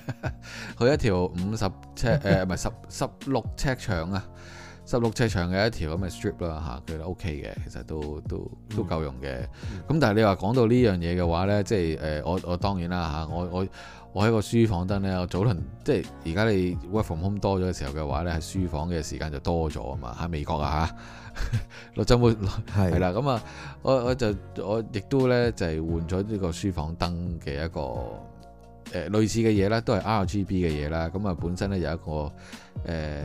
佢、啊、一條五十尺，誒唔係十十六尺長啊，十六尺長嘅一條咁嘅 strip 啦嚇，佢、啊、都 OK 嘅，其實都都都夠用嘅。咁、嗯嗯嗯、但係你說說話講到呢樣嘢嘅話咧，即係誒，我我當然啦嚇、啊，我我我喺個書房燈咧，我早輪即係而家你 work from home 多咗嘅時候嘅話咧，喺書房嘅時間就多咗啊嘛，喺美國啊嚇。我周冇係啦，咁啊， <laughs> 我我就我亦都咧就係換咗呢個書房燈嘅一個誒類似嘅嘢啦，都係 RGB 嘅嘢啦，咁啊本身咧有一個誒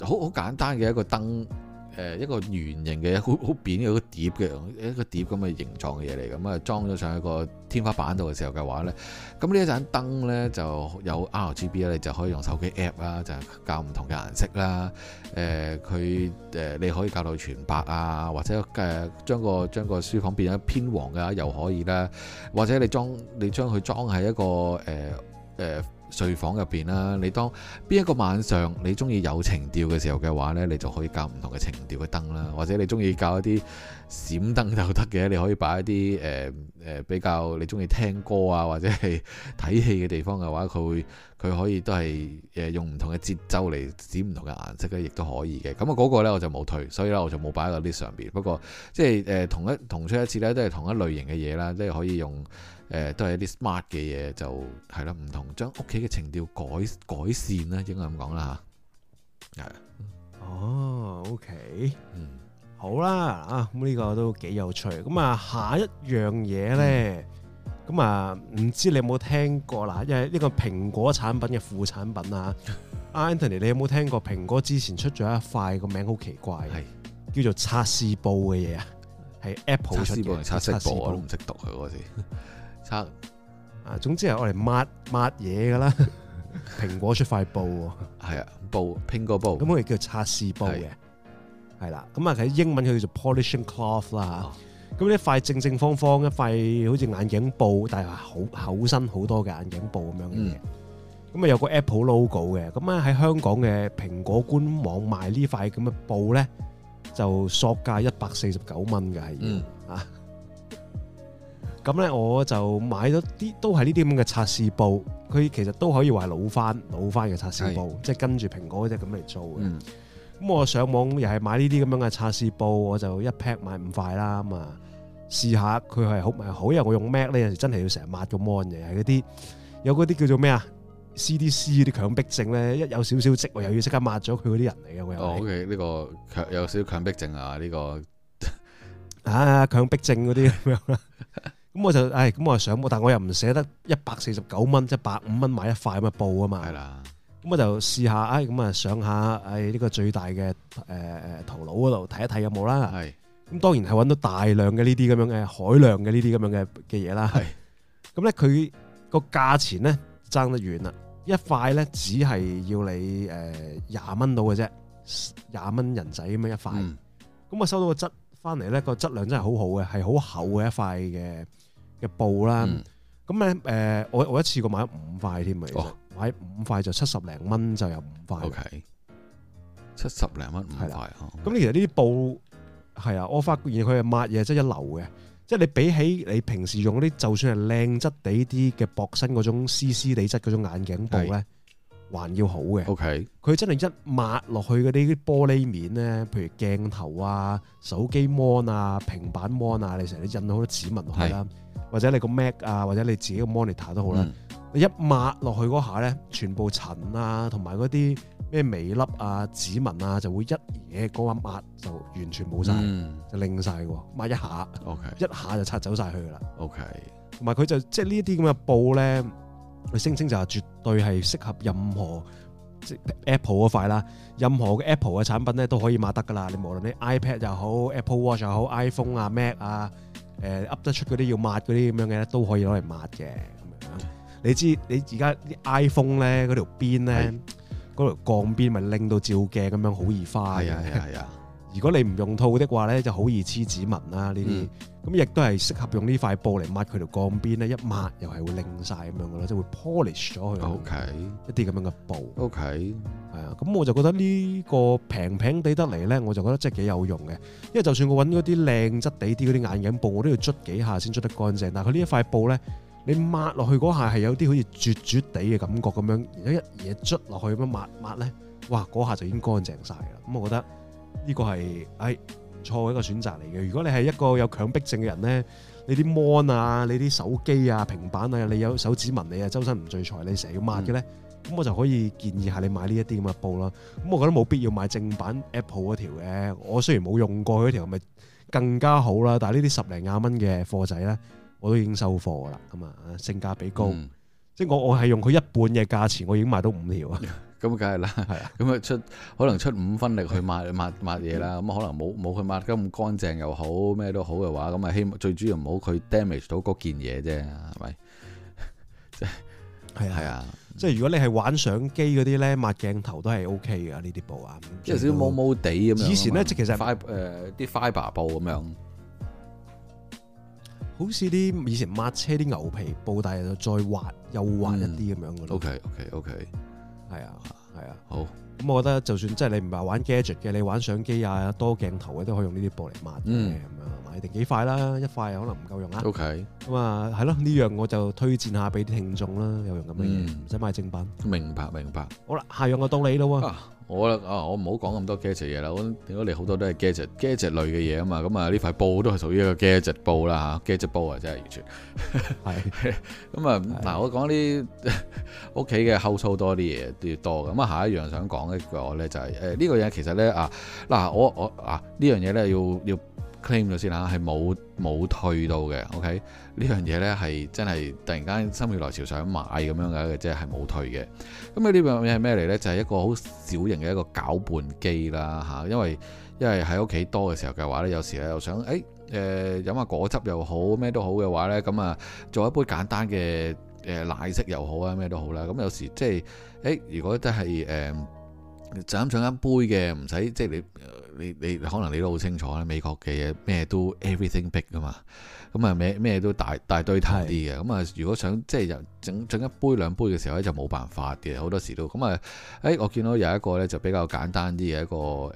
好好簡單嘅一個燈。誒一個圓形嘅好好扁嘅一個碟嘅一個碟咁嘅形狀嘅嘢嚟，咁啊裝咗上一個天花板度嘅時候嘅話咧，咁呢一盞燈咧就有 RGB 咧，你就可以用手機 app 啦，就校唔同嘅顏色啦。誒，佢、呃、誒你可以校到全白啊，或者誒將、呃、個將個書房變咗偏黃嘅又可以啦，或者你裝你將佢裝喺一個誒誒。呃呃睡房入邊啦，你當邊一個晚上你中意有情調嘅時候嘅話呢，你就可以調唔同嘅情調嘅燈啦，或者你中意調一啲閃燈就得嘅，你可以擺一啲誒誒比較你中意聽歌啊或者係睇戲嘅地方嘅話，佢會佢可以都係誒用唔同嘅節奏嚟閃唔同嘅顏色咧，亦都可以嘅。咁啊嗰個咧我就冇退，所以咧我就冇擺喺嗰啲上邊。不過即係誒同一同出一次呢，都係同一類型嘅嘢啦，即係可以用。誒都係一啲 smart 嘅嘢，就係啦，唔同將屋企嘅情調改改善啦，應該咁講啦嚇。係。哦、oh，OK。嗯。好啦，啊咁呢個都幾有趣。咁啊，下一樣嘢咧，咁、嗯、啊唔知你有冇聽過啦？因為呢個蘋果產品嘅副產品啊 <laughs> ，Anthony，你有冇聽過蘋果之前出咗一塊個名好奇怪，是叫做測試布嘅嘢啊？係 Apple 出嘅。測試布我都唔識讀佢嗰時。 <laughs> 擦啊，嗯、總之係我嚟抹抹嘢噶啦。蘋 <laughs> 果出塊布，係 <laughs> 啊，布，蘋果布，咁我哋叫擦拭布，嘅是，係啦。咁啊，喺英文佢叫做 polishing cloth 啦，哦。咁呢塊正正方方一塊好似眼鏡布，但係好厚，厚身好多嘅眼鏡布咁樣嘅嘢。咁啊、嗯、有個 Apple logo 嘅。咁啊喺香港嘅蘋果官網賣這塊這呢塊咁嘅布咧，就索價一百四十九蚊嘅係啊。咁咧，我就買咗啲都係呢啲咁嘅測試布，佢其實都可以話係老番、老番嘅測試布，是即係跟住蘋果嗰隻咁嚟做嘅。咁、嗯嗯、我上網又係買呢啲咁樣嘅測試布，我就一 pack a 買五塊啦。咁、嗯、啊，試下佢係好咪好？因為我用 Mac 咧，有時真係要成日抹個 mon 嘅，係啲有嗰啲叫做咩啊？CDC 啲強迫症咧，一有少少積，又要即刻抹咗佢嗰啲人嚟嘅。哦，OK 呢個強有少少強迫症啊？呢、呢個 <laughs> 啊強迫症嗰啲咁樣。 <laughs> 咁我就誒，咁我就上，但係我又唔捨得一百四十九蚊，即係一百五蚊買一塊咁嘅布啊嘛，係啦的。咁我就試下，誒，咁啊，上下，誒，呢、這個最大嘅誒誒淘寶嗰度睇一睇有冇啦。係是，咁當然係搵到大量嘅呢啲咁樣嘅海量嘅呢啲咁樣嘅嘅嘢啦。係是，咁咧佢個價錢咧爭得遠啦，一塊咧只係要你誒廿蚊到嘅啫，廿、呃、蚊人仔咁樣一塊。咁、嗯、我收到個質翻嚟咧，個質量真係好好嘅，係好厚嘅一塊嘅。嘅布啦，咁咧誒，我我一次過買咗五塊添咪，買五塊就七十零蚊就有五塊，七十零蚊五塊啊！咁其實呢啲布係啊，我發現佢係抹嘢真係一流嘅，即係你比起你平時用嗰啲就算係靚質地啲嘅薄身嗰種絲絲地質嗰種眼鏡布咧，還要好嘅。OK，佢真係一抹落去嗰啲玻璃面咧，譬如鏡頭啊、手機膜啊、平板膜啊，你成日印好多指紋落去啦。或者你個 Mac 啊，或者你自己個 Monitor 都好啦，嗯、你一抹落去嗰下咧，全部塵啊，同埋嗰啲咩微粒啊、指紋啊，就會一嘢嗰、那個抹就完全冇晒，嗯、就拎晒喎，抹一下，okay, 一下就拆走晒佢噶啦。OK，同埋佢就即係、就是、呢啲咁嘅布咧，聲稱就話絕對係適合任何即 Apple 嗰塊啦，任何嘅 Apple 嘅產品咧都可以抹得噶啦。你無論你 iPad 又好、Apple Watch 又好、iPhone 啊、Mac 啊。誒、呃、得出嗰啲要抹嗰啲咁樣嘅咧，都可以攞嚟抹嘅。咁樣， <music> 你知你而家啲 iPhone 咧條邊咧，條鋼邊咪拎到照鏡咁樣好易花嘅。係啊 <laughs> 如果你唔用套的話咧，就好易黐指紋啦呢啲。咁、嗯、亦都係適合用呢塊布嚟抹佢條鋼邊咧，一抹又係會靚晒咁樣噶啦，即係會 polish 咗佢。OK，一啲咁樣嘅布。OK，係啊、嗯。咁我就覺得呢個平平地得嚟咧，我就覺得真係幾有用嘅。因為就算我揾嗰啲靚質地啲嗰啲眼鏡布，我都要捽幾下先捽得乾淨。但係佢呢一塊布咧，你抹落去嗰下係有啲好似絕絕地嘅感覺咁樣，然之後一嘢捽落去咁樣抹抹咧，哇！嗰下就已經乾淨晒啦。咁、嗯、我覺得。呢個係誒唔錯嘅一個選擇嚟嘅。如果你係一個有強迫症嘅人咧，你啲 mon 啊，你啲手機啊、平板啊，你有手指紋你啊，周身唔聚財，你成日要抹嘅咧，咁、嗯、我就可以建議下你買呢一啲咁嘅布啦。咁我覺得冇必要買正版 Apple 嗰條嘅。我雖然冇用過佢條係咪更加好啦。但係呢啲十零廿蚊嘅貨仔咧，我都已經收貨噶啦。咁啊，性價比高，嗯、即係我我係用佢一半嘅價錢，我已經買到五條啊。嗯 <laughs> 咁梗係啦，咁啊出可能出五分力去抹抹抹嘢啦，咁可能冇冇佢抹得咁乾淨又好，咩都好嘅話，咁啊希望最主要唔好佢 damage 到嗰件嘢啫，係咪？係啊係啊，啊即係如果你係玩相機嗰啲咧，抹鏡頭都係 OK 嘅呢啲布啊，即係少少毛毛地咁樣、呃、樣。以前咧即係其實誒啲 fibre 布咁樣，好似啲以前抹車啲牛皮布，但係就再滑又滑一啲咁樣 OK OK OK。係啊，係啊，好。咁，嗯，我覺得就算即係你唔係玩 gadget 嘅，你玩相機啊、多鏡頭嘅，都可以用呢啲布嚟抹嘅咁樣。嗯一定幾塊啦，一塊又可能唔夠用啦。OK，咁啊，係咯，呢、這、樣、個，我就推薦下俾啲聽眾啦，有用咁嘅嘢，唔使、嗯、買正品。明白，明白。好啦，下樣就到你咯喎。我啊，我唔好講咁多 gadget 嘢啦。我見到你好多都係 gadget，gadget 類嘅嘢啊嘛。咁啊，呢塊布都係屬於一個 gadget 布啦 gadget 布啊，真係完全係。咁啊，嗱、啊啊啊啊啊，我講啲屋企嘅後操多啲嘢都要多咁、嗯、啊，下一樣想講嘅嘢咧就係誒呢個嘢其實咧啊嗱，我我啊呢樣嘢咧要要。要要要 claim 咗先啦，係冇冇退到嘅，OK？呢樣嘢咧係真係突然間心血來潮想買咁樣嘅，即係冇退嘅。咁啊，呢樣嘢係咩嚟咧？就係、是、一個好小型嘅一個攪拌機啦，嚇！因為因為喺屋企多嘅時候嘅話咧，有時咧又想，誒誒飲下果汁又好，咩都好嘅話咧，咁、嗯、啊做一杯簡單嘅誒、呃、奶昔又好啊，咩都好啦。咁有時即係，誒如果真係誒。呃就咁上一杯嘅，唔使即係你你你可能你都好清楚啦，美國嘅嘢咩都 everything big 噶嘛，咁啊咩咩都大大堆頭啲嘅，咁啊的如果想即係。整整一杯兩杯嘅時候咧就冇辦法嘅，好多時都咁啊！誒、欸、我見到有一個咧就比較簡單啲嘅一個誒誒、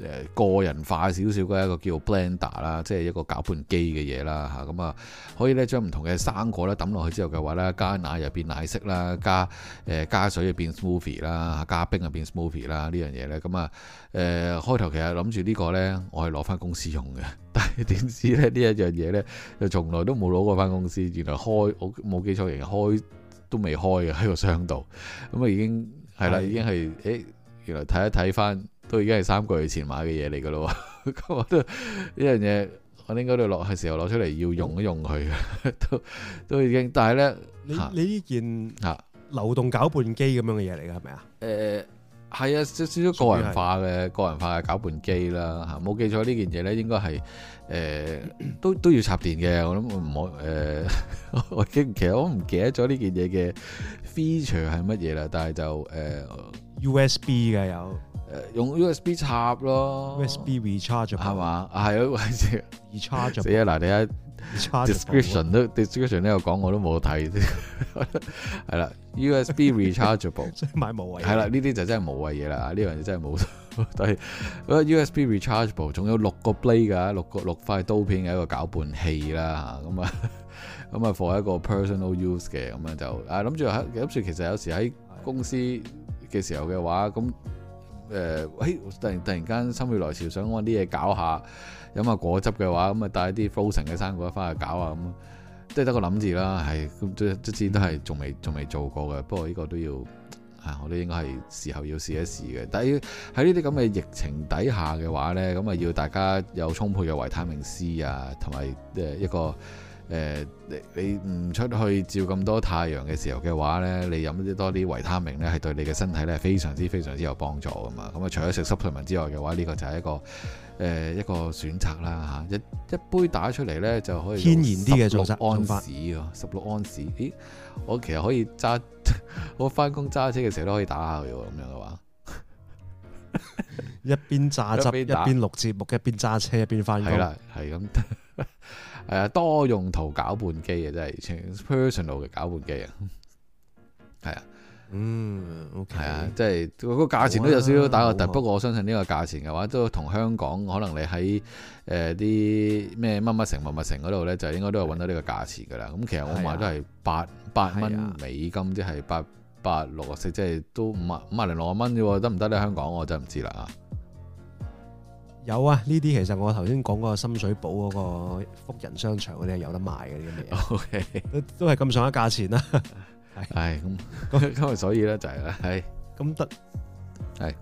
呃、個人化少少嘅一個叫 Blender 啦，即係一個攪拌機嘅嘢啦吓，咁啊，可以咧將唔同嘅生果咧抌落去之後嘅話咧加奶又變奶昔啦，加誒、呃、加水又變 smoothie 啦，加冰又變 ie, 啊變 smoothie 啦，呢樣嘢咧，咁啊誒開頭其實諗住呢個咧我係攞翻公司用嘅，但係點知咧呢一樣嘢咧就從來都冇攞過翻公司，原來開我冇記錯型開。開都未開嘅喺個箱度，咁啊已經係啦，已經係誒的、欸，原來睇一睇返都已經係三個月前買嘅嘢嚟噶咯。咁 <laughs> 啊都呢樣嘢，我應該都落係時候攞出嚟要用一用佢， <laughs> 都都已經。但係咧，你你呢件吓、啊、流動攪拌機咁樣嘅嘢嚟噶係咪啊？誒係啊，少少、呃、個人化嘅個人化嘅攪拌機啦吓，冇、啊、記錯呢件嘢咧應該係。誒、呃、都都要插電嘅，我諗我唔可誒，我記其實我唔記得咗呢件嘢嘅 feature 係乜嘢啦，但係就誒、呃、USB 嘅有，誒、呃、用 USB 插咯，USB rechargeable 係嘛？係啊，還 <laughs> 是 rechargeable 啊，嗱啲啊～你 description 都 description 咧有講我都冇睇，係啦 USB rechargeable 買無謂嘢，係啦呢啲就真係無謂嘢啦，呢樣嘢真係冇，但係個 USB rechargeable 仲有六個 blade 噶，六個六塊刀片嘅一個攪拌器啦，咁啊咁啊 for 一個 personal use 嘅咁樣就，啊諗住喺諗住其實有時喺公司嘅時候嘅話咁。誒，喂、呃！突然突然間心血來潮，想揾啲嘢搞下，飲下果汁嘅話，咁啊帶啲 fresh 嘅生果翻去搞下咁咯，都係得個諗住啦，係，即即係都係仲未仲未做過嘅。不過呢個都要啊，我都應該係時候要試一試嘅。但係喺呢啲咁嘅疫情底下嘅話咧，咁啊要大家有充沛嘅維他命 C 啊，同埋誒一個。誒、呃，你你唔出去照咁多太陽嘅時候嘅話咧，你飲啲多啲維他命咧，係對你嘅身體咧，係非常之非常之有幫助噶嘛。咁、嗯、啊，除咗食 supplement 之外嘅話，呢、這個就係一個誒、呃、一個選擇啦吓。一一杯打出嚟咧就可以天然啲嘅做安士喎，十六安士。咦、欸，我其實可以揸 <laughs> 我翻工揸車嘅時候都可以打下佢咁樣嘅話， <laughs> 一邊榨汁一邊錄節目，一邊揸車一邊翻去。啦，係咁。 <laughs> 係多用途攪拌機嘅，真係 personal 嘅攪拌機 <laughs> 啊，係啊，嗯，OK，啊，即係個個價錢都有少少打個突，不過語我相信呢個價錢嘅話，都同香港可能你喺誒啲咩乜乜城物物城嗰度咧，就應該都有揾到呢個價錢噶啦。咁其實我買都係八八蚊美金，即係八八六啊四，即係都五五啊零六啊蚊啫，得唔得咧？香港我真係唔知啦啊！有啊，呢啲其實我頭先講嗰個深水埗嗰個福人商場嗰啲有得賣嘅呢啲嘢，都都係咁上下價錢啦。係 <laughs> 是，咁咁咁所以咧就係，係咁得係，哎、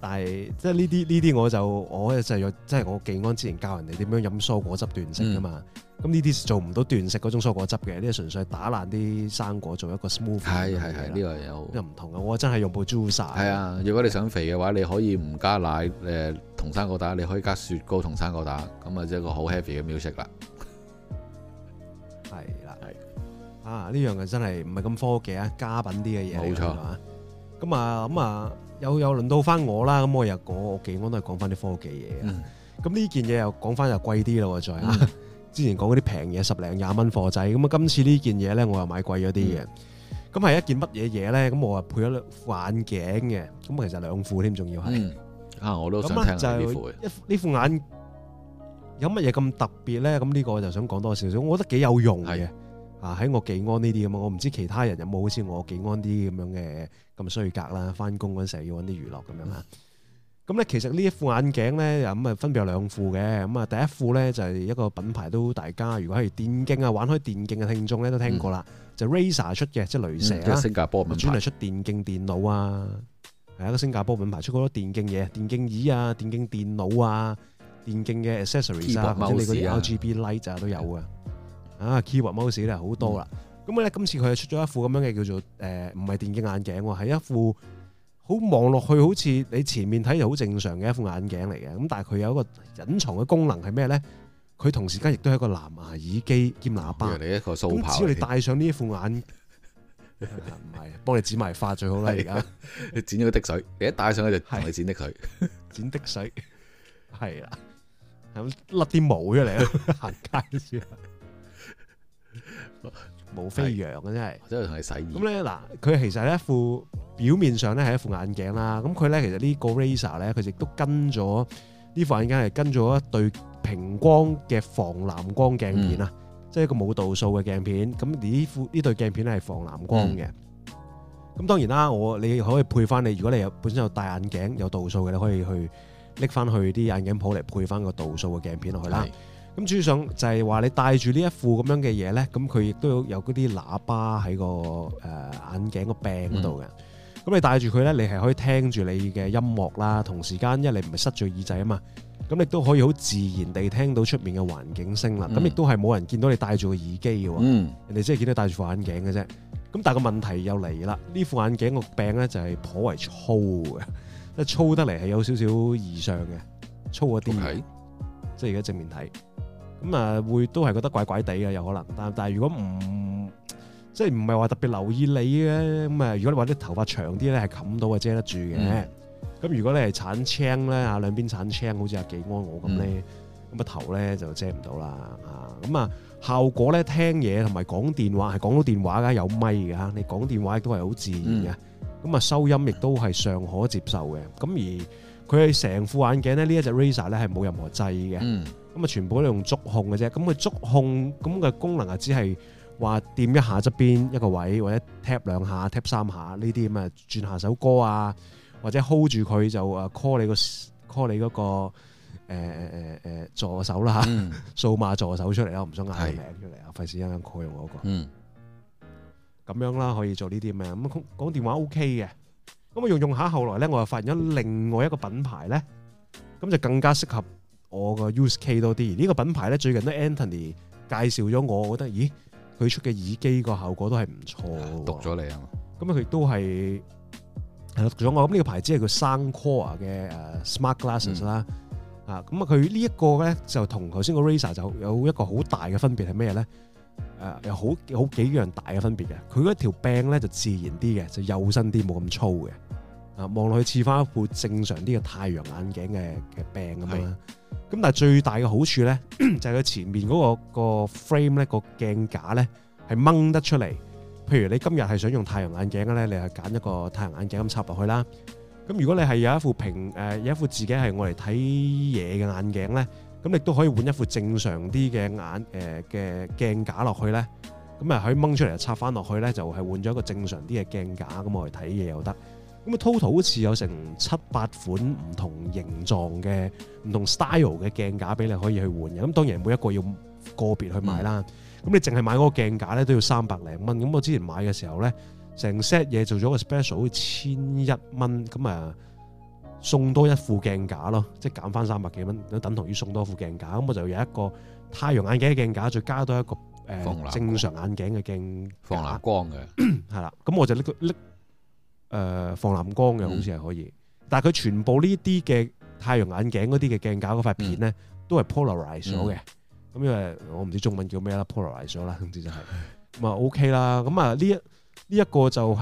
但係即係呢啲呢啲我就我就係、是、用，即係、就是、我記安之前教人哋點樣飲蔬果汁斷食啊嘛。嗯咁呢啲做唔到斷食嗰種蔬果汁嘅，呢個純粹打爛啲生果做一個 smoothie。係係係，呢個有又唔同啊，我真係用部 juicer。啊，如果你想肥嘅話，你可以唔加奶誒同生果打，你可以加雪糕同生果打，咁啊即係一個好 heavy 嘅 milkshake 啦。係啦，係啊，呢樣嘅真係唔係咁科技啊，家品啲嘅嘢冇錯啊。咁啊咁啊，又又輪到翻我啦。咁我又我幾安都係講翻啲科技嘢啊。咁呢件嘢又講翻又貴啲啦喎，在之前講嗰啲平嘢十零廿蚊貨仔，咁啊今次呢件嘢咧，我又買貴咗啲嘅。咁係一件乜嘢嘢咧？咁我啊配咗副眼鏡嘅，咁其實兩副添，仲要係啊，我都想聽呢副。一呢副眼有乜嘢咁特別咧？咁呢個就想講多少少，我覺得幾有用嘅。啊，喺我幾安呢啲咁啊，我唔知其他人有冇好似我幾安啲咁樣嘅咁衰格啦，翻工嗰陣時要揾啲娛樂咁樣啊。咁咧，其實呢一副眼鏡咧，咁啊，分別有兩副嘅。咁啊，第一副咧就係、是、一個品牌都大家，如果係電競啊玩開電競嘅聽眾咧，都聽過啦、嗯 er 嗯。就 Razer 出嘅，即係雷蛇啊，新加坡品牌專係出電競電腦啊，係一個新加坡品牌，出好多電競嘢，電競椅啊，電競電腦啊，電競嘅 accessories 啊，唔知 Keyboard、啊、你嗰啲 RGB light 啊都有啊。Key 啊，Keyboard Mouse 咧好多啦。咁咧，今次佢係出咗一副咁樣嘅叫做誒，唔、呃、係電競眼鏡喎，係一副。好望落去好似你前面睇就好正常嘅一副眼鏡嚟嘅，咁但係佢有一個隱藏嘅功能係咩咧？佢同時間亦都係一個藍牙耳機兼喇叭。你一個只要你戴上呢一副眼唔係，幫、 <laughs> 啊、你剪埋髮最好啦而家。的在你剪咗個滴水，你一戴上咧就同你剪滴水的佢，剪滴水，係啊，咁甩啲毛出嚟行街先。 <laughs> <laughs> 冇飛揚嘅是真係是，真係係使意。咁咧嗱，佢其實咧一副表面上咧係一副眼鏡啦。咁佢咧其實個、er、呢個 Razer 咧，佢亦都跟咗呢副眼鏡係跟咗一對平光嘅防藍光鏡片啊，嗯、即係一個冇度數嘅鏡片。咁呢副呢對鏡片咧係防藍光嘅。咁、嗯、當然啦，我你可以配翻你，如果你有本身有戴眼鏡有度數嘅，你可以去拎翻去啲眼鏡鋪嚟配翻個度數嘅鏡片落去啦。咁主上就係話你戴住呢一副咁樣嘅嘢咧，咁佢亦都有嗰啲喇叭喺個誒、呃、眼鏡個柄嗰度嘅。咁、嗯、你戴住佢咧，你係可以聽住你嘅音樂啦。同時間，因為你唔係塞住耳仔啊嘛，咁你都可以好自然地聽到出面嘅環境聲啦。咁亦都係冇人見到你戴住個耳機嘅喎。嗯、人哋只係見到戴住副眼鏡嘅啫。咁但係個問題又嚟啦，呢副眼鏡個柄咧就係頗為粗嘅，即 <laughs> 係粗得嚟係有少少異常嘅，粗一啲。即係而家正面睇。咁啊，會都係覺得怪怪地嘅，有可能。但係但係如果唔，即係唔係話特別留意你嘅咁啊。如果你話啲頭髮長啲咧，係冚到啊遮得住嘅。咁、嗯、如果你係鏟青咧啊，兩邊鏟青，好似阿紀安我咁咧，咁啊、嗯、頭咧就遮唔到啦啊。咁啊效果咧，聽嘢同埋講電話係講到電話噶，有咪噶。你講電話都係好自然嘅。咁啊、嗯、收音亦都係尚可接受嘅。咁而佢係成副眼鏡咧，呢一隻 Razer 咧係冇任何掣嘅。嗯咁啊，全部都用觸控嘅啫。咁佢觸控咁嘅功能啊，只係話掂一下側邊一個位，或者 tap 兩下、tap 三下呢啲咁啊，轉下首歌啊，或者 hold 住佢就啊 call 你個 call 你嗰個誒誒誒誒助手啦嚇，數碼助手出嚟啦，我唔想嗌個名出嚟啊，費事一陣 call 用嗰個。嗯。咁樣啦，可以做呢啲咩？咁講電話 OK 嘅。咁啊，用用下後來咧，我又發現咗另外一個品牌咧，咁就更加適合。我個 use K 多啲，呢、這個品牌咧最近都 Anthony 介紹咗我，我覺得咦佢出嘅耳機個效果都係唔錯。讀咗你啊嘛，咁啊佢亦都係係讀咗我，咁呢個牌子係叫 Soundcore 嘅誒 Smart Glasses 啦、嗯啊，啊咁啊佢呢一個咧就同頭先個 Razer 就有一個好大嘅分別係咩咧？誒、啊、有好有好有幾樣大嘅分別嘅，佢嗰條柄咧就自然啲嘅，就幼身啲，冇咁粗嘅。啊，望落去似翻一副正常啲嘅太陽眼鏡嘅嘅病咁樣。咁是但係最大嘅好處咧， <coughs> 就係佢前面嗰、個、個 frame 咧，個鏡架咧係掹得出嚟。譬如你今日係想用太陽眼鏡嘅咧，你係揀一個太陽眼鏡咁插落去啦。咁如果你係有一副平誒、呃、有一副自己係我嚟睇嘢嘅眼鏡咧，咁亦都可以換一副正常啲嘅眼誒嘅、呃、鏡架落去咧。咁啊，可以掹出嚟插翻落去咧，就係換咗一個正常啲嘅鏡架咁我嚟睇嘢又得。咁 total 好似有成七八款唔同形狀嘅唔同 style 嘅鏡架俾你可以去換嘅。咁當然每一個要個別去買啦。咁、嗯、你淨係買嗰個鏡架咧都要三百零蚊。咁我之前買嘅時候咧，成 set 嘢做咗個 special 好似千一蚊。咁啊，送多一副鏡架咯，即係減翻三百幾蚊，等同於送多副鏡架。咁我就要有一個太陽眼鏡嘅鏡架，再加多一個誒正常眼鏡嘅鏡，防藍光嘅。係啦，咁 <coughs> 我就拎。誒、呃、防藍光嘅好似係可以，嗯、但係佢全部呢啲嘅太陽眼鏡嗰啲嘅鏡架嗰塊片咧，嗯、都係 polarized 咗嘅。咁、嗯嗯、因為我唔知中文叫咩啦、嗯、polarized 啦，總之就係咁啊 OK 啦。咁啊呢一呢一、個就係、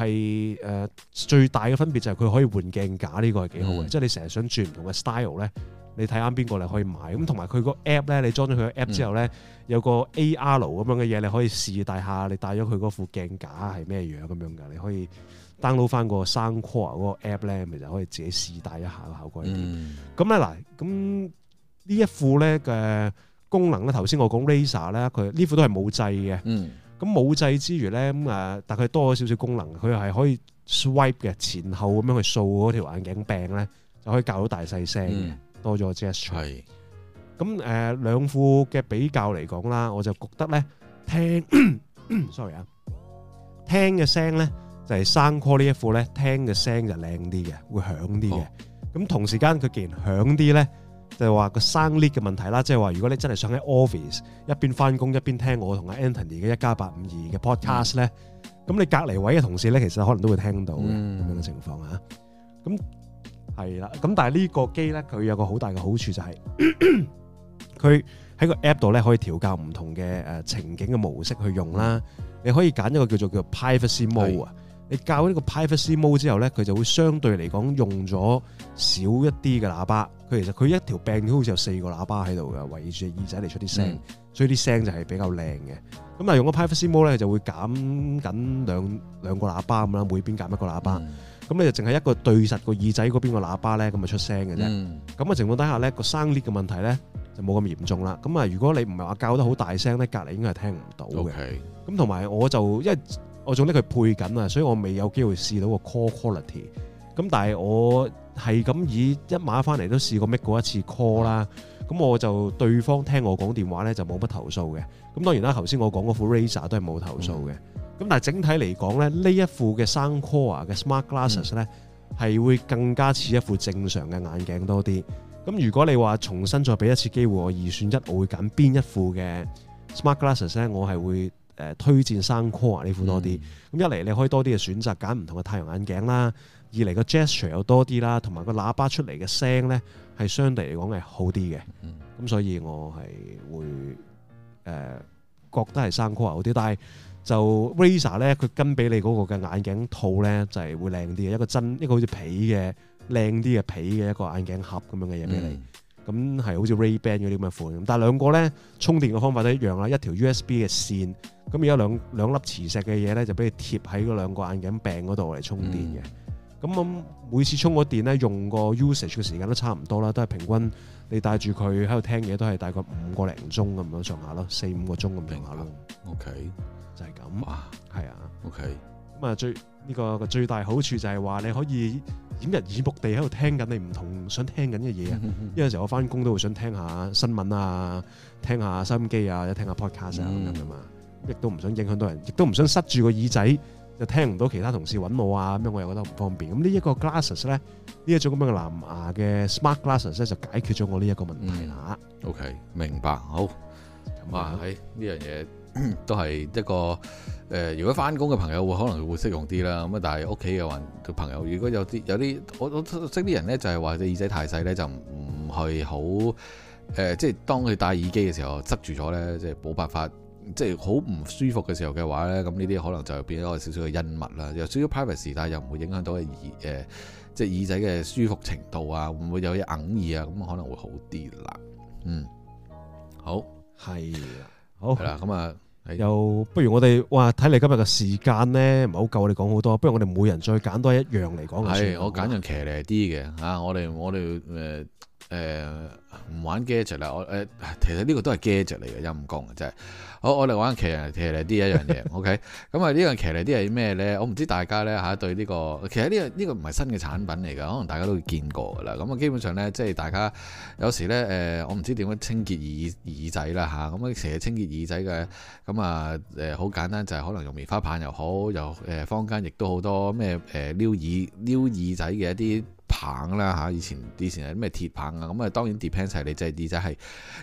是、誒、呃、最大嘅分別就係佢可以換鏡架呢個係幾好嘅，即係、嗯、你成日想轉唔同嘅 style 咧，你睇啱邊個你可以買。咁同埋佢個 app 咧，你裝咗佢個 app 之後咧，嗯、有個 AR 咁樣嘅嘢你可以試戴下，你戴咗佢嗰副鏡架係咩樣咁樣噶，你可以。download 翻個 Soundcore 嗰個 app 咧，咪就可以自己試戴一下效果呢啲。咁咧嗱，咁呢一副咧嘅功能咧，頭先我講 Razer 咧，佢呢副都係冇掣嘅。咁冇掣之餘咧，咁誒，但係多咗少少功能，佢係、er, 嗯、可以 swipe 嘅前後咁樣去掃嗰條眼鏡柄咧，就可以校到大細聲嘅，嗯、多咗 gesture 咁誒，兩副嘅比較嚟講啦，我就覺得咧，聽，sorry 啊，聽嘅聲咧。就係生 call 呢一副咧，聽嘅聲就靚啲嘅，會響啲嘅。咁同時間佢既然響啲咧，就係話個生 lift 嘅問題啦。即係話如果你真係想喺 office 一邊翻工一邊聽我同阿 Anthony 嘅一加八五二嘅 podcast 咧，咁你隔離位嘅同事咧，其實可能都會聽到嘅咁樣嘅情況嚇。咁係啦，咁但係呢個機咧，佢有個好大嘅好處就係佢喺個 app 度咧，可以調校唔同嘅誒情景嘅模式去用啦。你可以揀一個叫做叫 privacy mode 啊。你教呢個 privacy mode 之後咧，佢就會相對嚟講用咗少一啲嘅喇叭。佢其實佢一條病好似有四個喇叭喺度嘅，圍住耳仔嚟出啲聲，嗯、所以啲聲就係比較靚嘅。咁、嗯、啊，嗯、用咗 privacy mode 咧，就會減緊兩兩個喇叭咁啦，每邊減一個喇叭。咁、嗯嗯、你就淨係一個對實個耳仔嗰邊個喇叭咧，咁啊出聲嘅啫。咁嘅、嗯嗯、情況底下咧，個聲裂嘅問題咧就冇咁嚴重啦。咁啊，如果你唔係話教得好大聲咧，隔離應該係聽唔到嘅。咁同埋我就因為。我仲得佢配緊啊，所以我未有機會試到個 call quality。咁但係我係咁以一晚翻嚟都試過 make 過一次 call 啦、嗯。咁我就對方聽我講電話咧就冇乜投訴嘅。咁當然啦，頭先我講嗰副 Razer 都係冇投訴嘅。咁、嗯、但係整體嚟講咧，呢一副嘅 Soundcore 嘅 smart glasses 咧係、嗯、會更加似一副正常嘅眼鏡多啲。咁如果你話重新再俾一次機會我二選一，我會揀邊一副嘅 smart glasses 咧？我係會。誒、呃、推薦 soundcore 呢款多啲，咁、嗯、一嚟你可以多啲嘅選擇揀唔同嘅太陽眼鏡啦；二嚟個 gesture 又多啲啦，同埋個喇叭出嚟嘅聲咧係相對嚟講係好啲嘅。咁、嗯、所以我係會誒、呃、覺得係 soundcore 好啲，但係就 Razer 咧，佢跟俾你嗰個嘅眼鏡套咧就係、是、會靚啲嘅，一個真一個好似皮嘅靚啲嘅皮嘅一個眼鏡盒咁樣嘅嘢俾你。咁係好似 RayBan 嗰啲咁嘅款，但係兩個咧充電嘅方法都一樣啦，一條 USB 嘅線，咁而家兩兩粒磁石嘅嘢咧就俾你貼喺嗰兩個眼鏡柄嗰度嚟充電嘅。咁我、嗯、每次充個電咧，用個 usage 嘅時間都差唔多啦，都係平均你戴住佢喺度聽嘢都係大概五個零鐘咁樣上下咯，四五個鐘咁上下咯。OK，就係咁，係哇啊。OK，咁啊最。呢個最大好處就係話你可以掩人耳目地喺度聽緊你唔同想聽緊嘅嘢啊！因為有時候我翻工都會想聽下新聞啊，聽下收音機啊，或者聽下 podcast 啊咁樣啊嘛，亦都唔想影響到人，亦都唔想塞住個耳仔就聽唔到其他同事揾我啊！咁樣我又覺得唔方便。咁呢一個 glasses 咧，呢一種咁樣嘅藍牙嘅 smart glasses 咧就解決咗我呢一個問題喇。OK，明白，好。咁啊，喺呢樣嘢。都係一個誒、呃，如果翻工嘅朋友會可能會適用啲啦。咁啊，但係屋企嘅話嘅朋友，如果有啲有啲，我，我，我識啲人咧，就係話啲耳仔太細咧、呃，就唔唔係好誒，即係當佢戴耳機嘅時候塞住咗咧，即係冇辦法，即係好唔舒服嘅時候嘅話咧，咁呢啲可能就變咗個少少嘅恩物啦。有少少 private，但係又唔會影響到耳誒、呃，即係耳仔嘅舒服程度啊，唔會，會有啲硬耳啊，咁可能會好啲啦。嗯，好係好啦，咁啊。是又不如我哋哇，睇嚟今日嘅時間咧唔係好夠，我哋講好多。不如我哋每人再揀多一樣嚟講嘅先。係，我揀樣騎呢啲嘅嚇。我哋我哋誒。呃誒，唔、呃、玩 gear 啦，我、呃、誒，其實呢個都係 gear 嚟嘅，陰功啊真係。好，我哋玩騎嚟騎嚟啲一樣嘢 <laughs> ，OK。咁啊，呢樣騎嚟啲係咩咧？我唔知大家咧吓對呢、這個，其實呢、這個呢、這個唔係新嘅產品嚟噶，可能大家都會見過噶啦。咁啊，基本上咧即係大家有時咧誒、呃，我唔知點樣清潔耳耳仔啦吓。咁啊，其實清潔耳仔嘅咁啊誒，好、呃、簡單就係可能用棉花棒又好，又誒、呃、坊間亦都好多咩誒撩耳撩耳仔嘅一啲。棒啦嚇，以前以前係咩鐵棒啊，咁啊當然 depend 晒你隻耳仔係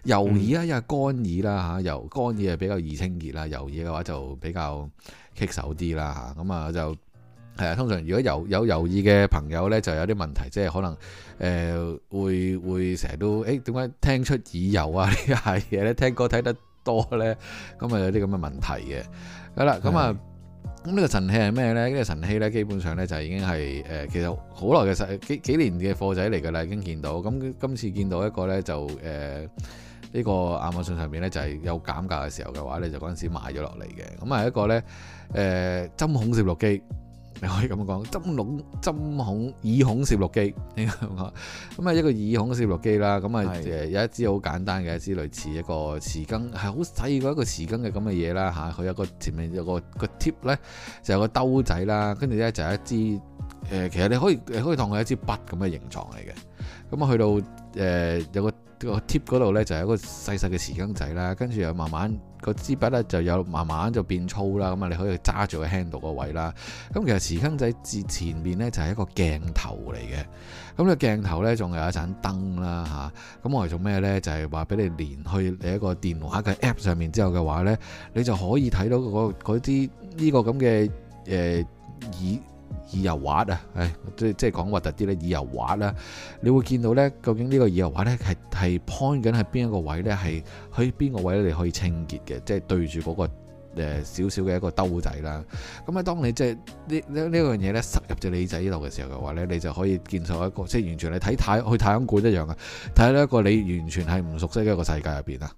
油耳啊，又係乾耳啦嚇，油乾耳啊比較易清潔啦，油耳嘅話就比較棘手啲啦，咁啊就係啊，通常如果有有油耳嘅朋友咧，就有啲問題，即係可能誒、呃、會會成日都誒點解聽出耳油啊呢啲係嘢咧， <laughs> 聽歌睇得多咧，咁 <laughs> 啊有啲咁嘅問題嘅，好啦，咁啊。咁呢個神器係咩呢？呢、這個神器呢，基本上呢就已經係誒、呃，其實好耐嘅實幾幾年嘅貨仔嚟㗎啦，已經見到。咁、嗯、今次見到一個呢、呃這個，就誒呢個亞馬遜上面呢，就係有減價嘅時候嘅話呢就嗰陣時買咗落嚟嘅。咁係一個呢，誒、呃、針孔攝錄機。你可以咁講針，針孔、針孔耳孔攝錄機呢個咁啊，咁啊一個耳孔攝錄機啦，咁啊誒有一支好簡單嘅，之類似一個匙羹，係好細個一個匙羹嘅咁嘅嘢啦嚇，佢有個前面有個個 tip 咧，就有個兜仔啦，跟住咧就係、一支誒、呃，其實你可以你可以當佢一支筆咁嘅形狀嚟嘅，咁啊去到誒、呃、有個個 tip 嗰度咧就係一個細細嘅匙羹仔啦，跟住又慢慢。個支筆咧就有慢慢就變粗啦，咁啊你可以揸住個 handle 個位啦。咁其實瓷坑仔至前面咧就係一個鏡頭嚟嘅，咁個鏡頭咧仲有一盞燈啦嚇。咁我係做咩咧？就係話俾你連去你一個電話嘅 app 上面之後嘅話咧，你就可以睇到嗰嗰啲呢個咁嘅誒耳。呃耳油滑啊！誒，即即係講核突啲咧，耳油滑啦，你會見到咧，究竟呢個耳油滑咧係係 point 緊喺邊一個位咧？係去邊個位咧？你可以清潔嘅，即係對住嗰個誒少少嘅一個兜仔啦。咁啊，當你即係、這個、呢呢呢樣嘢咧塞入隻耳仔呢度嘅時候嘅話咧，你就可以見到一個即係完全你睇太去太空館一樣嘅，睇到一個你完全係唔熟悉嘅一個世界入邊啊。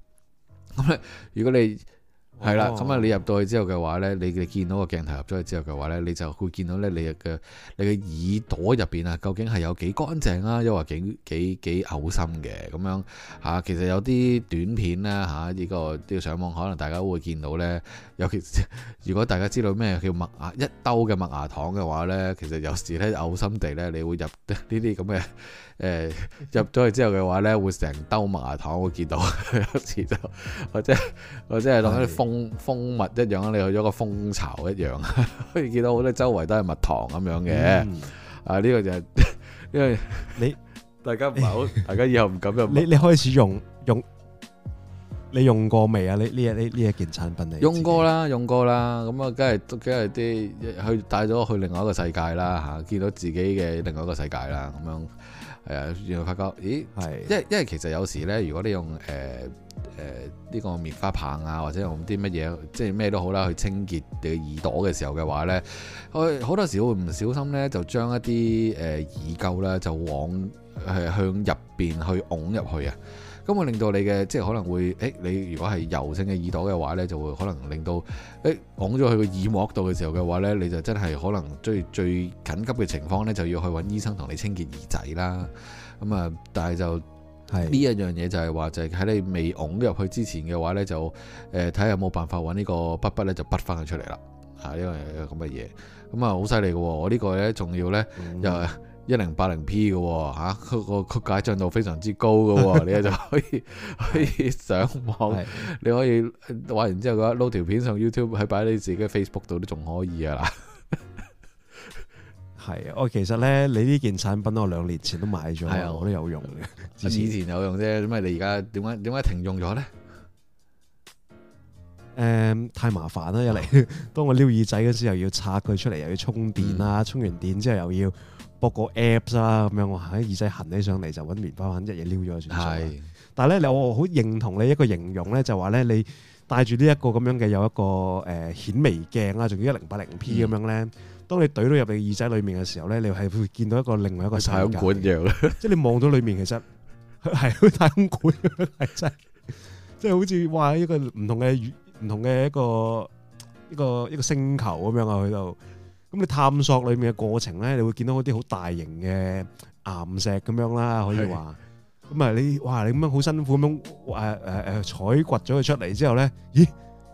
咁、嗯、咧，如果你係啦，咁啊，哦、你入到去之後嘅話呢，你你見到個鏡頭入咗去之後嘅話呢，你就會見到咧你嘅你嘅耳朵入邊啊，究竟係有幾乾淨啊，又或幾幾幾嘔心嘅咁樣吓、啊。其實有啲短片呢，吓、啊、呢、這個都要上網，可能大家會見到呢。尤其如果大家知道咩叫麥芽一兜嘅麥芽糖嘅話呢，其實有時咧嘔心地呢，你會入呢啲咁嘅。誒，入咗、欸、去之後嘅話咧， <laughs> 會成兜蜜糖，我見到有次就， <laughs> 或者，或者即係當啲蜂蜂蜜一樣啊，你去咗個蜂巢一樣，可以見到好多周圍都係蜜糖咁樣嘅。嗯、啊，呢、呢個就係、 <laughs> 因為你大家唔係好， <laughs> 大家以後唔敢入。 <laughs> 你你開始用用，你用過未啊？你呢一呢呢一件產品嚟？用過啦，用過啦。咁啊，梗係都梗係啲去帶咗去另外一個世界啦吓，見到自己嘅另外一個世界啦，咁樣。係啊，原來發覺，咦？係的，因為因為其實有時咧，如果你用誒誒呢個棉花棒啊，或者用啲乜嘢，即係咩都好啦，去清潔你耳朵嘅時候嘅話咧，佢好多時會唔小心咧，就將一啲誒耳垢咧，就往係向入邊去㧬入去啊。咁會令到你嘅即係可能會，誒、欸、你如果係油性嘅耳朵嘅話呢，就會可能令到，誒㧬咗去個耳膜度嘅時候嘅話呢，你就真係可能最最緊急嘅情況呢，就要去揾醫生同你清潔耳仔啦。咁、嗯、啊，但係就呢的一樣嘢就係話就係、是、喺你未㧬入去之前嘅話呢，就誒睇下、呃、有冇辦法揾呢個筆筆呢，就筆翻佢出嚟啦。嚇，呢個咁嘅嘢，咁啊好犀利嘅喎。我呢個呢，仲要呢。又、嗯。 <laughs> 一零八零 P 嘅吓，個、啊、曲解精度非常之高嘅，你就可以 <laughs> 可以上網，是的 你可以玩完之後覺得 load 條片上 YouTube，喺擺喺你自己 Facebook 度都仲可以啊。係啊，我其實咧，你呢件產品我兩年前都買咗，是的 我都有用，嘅的。以前有用啫，咁咪你而家點解點解停用咗咧？誒、嗯，太麻煩啦，一嚟、啊、當我撩耳仔嘅時候，要拆佢出嚟，又要充電啦，嗯、充完電之後又要。播個 apps 啊，咁樣，我喺耳仔痕起上嚟，就搵棉花棒一嘢撩咗算數。但係咧，你我好認同你一個形容咧，就話咧，你戴住呢一個咁樣嘅有一個誒顯微鏡啦，仲要一零八零 P 咁樣咧，當你懟到入你耳仔裏面嘅時候咧，你係會見到一個另外一個太空館樣。即係你望到裏面，其實係個太空館，係真係，即係好似話一個唔同嘅唔同嘅一個一個一個星球咁樣啊，去到。咁你探索裏面嘅過程咧，你會見到嗰啲好大型嘅岩石咁樣啦，可以話。咁啊的，你哇，你咁樣好辛苦咁樣誒誒誒採掘咗佢出嚟之後咧，咦？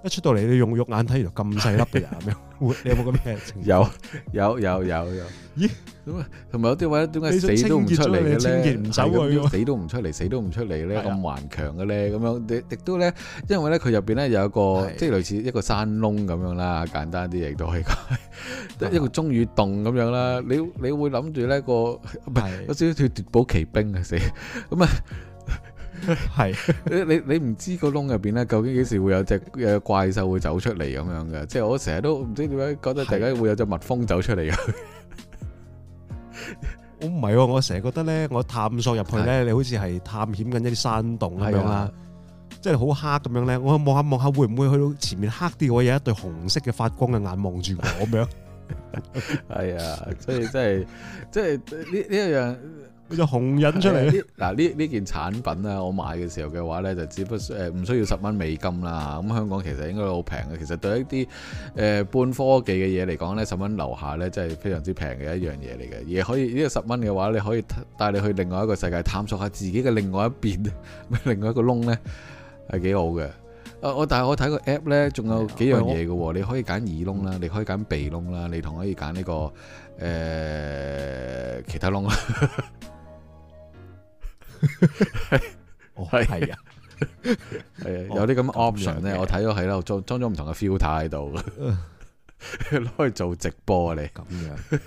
一出到嚟，你用肉眼睇就咁細粒嘅人咁樣， <laughs> 你有冇咁咩情？有有有有有，有咦？咁啊，同埋有啲位點解死都唔出嚟嘅咧？死都唔出嚟，死都唔出嚟咧，咁頑強嘅咧，咁樣亦都咧，因為咧佢入邊咧有一個的即係類似一個山窿咁樣啦，簡單啲亦都可以講，一個鐘乳洞咁樣啦，你你會諗住呢個唔係有少少奪寶奇兵啊死咁啊！的係是你你唔知個窿入邊咧，究竟幾時會有隻誒怪獸會走出嚟咁樣嘅？即係我成日都唔知點解覺得大家會有隻蜜蜂走出嚟嘅。我唔係，我成日覺得咧，我探索入去咧，你好似係探險緊一啲山洞咁樣啦，啊、即係好黑咁樣咧。我望下望下，會唔會去到前面黑啲？我有一對紅色嘅發光嘅眼望住我咁樣。係啊，所以真係 <laughs> 即係即係呢呢一樣。呢個紅印出嚟嗱呢呢件產品啊，我買嘅時候嘅話呢，就只不誒唔、呃、需要十蚊美金啦。咁、嗯、香港其實應該都好平嘅。其實對一啲誒、呃、半科技嘅嘢嚟講呢十蚊樓下呢，真係非常之平嘅一樣嘢嚟嘅。而可以呢、這個十蚊嘅話，你可以帶你去另外一個世界探索下自己嘅另外一邊，另外一個窿呢，係幾好嘅。啊，我但係我睇個 app 呢，仲有幾樣嘢嘅喎。你可以揀耳窿啦，你可以揀鼻窿啦，你同可以揀呢個誒其他窿啦。 <laughs> 係係啊，有啲咁嘅 option 咧，我睇到喺度裝裝咗唔同嘅 filter 喺度，攞去做直播咧。咁樣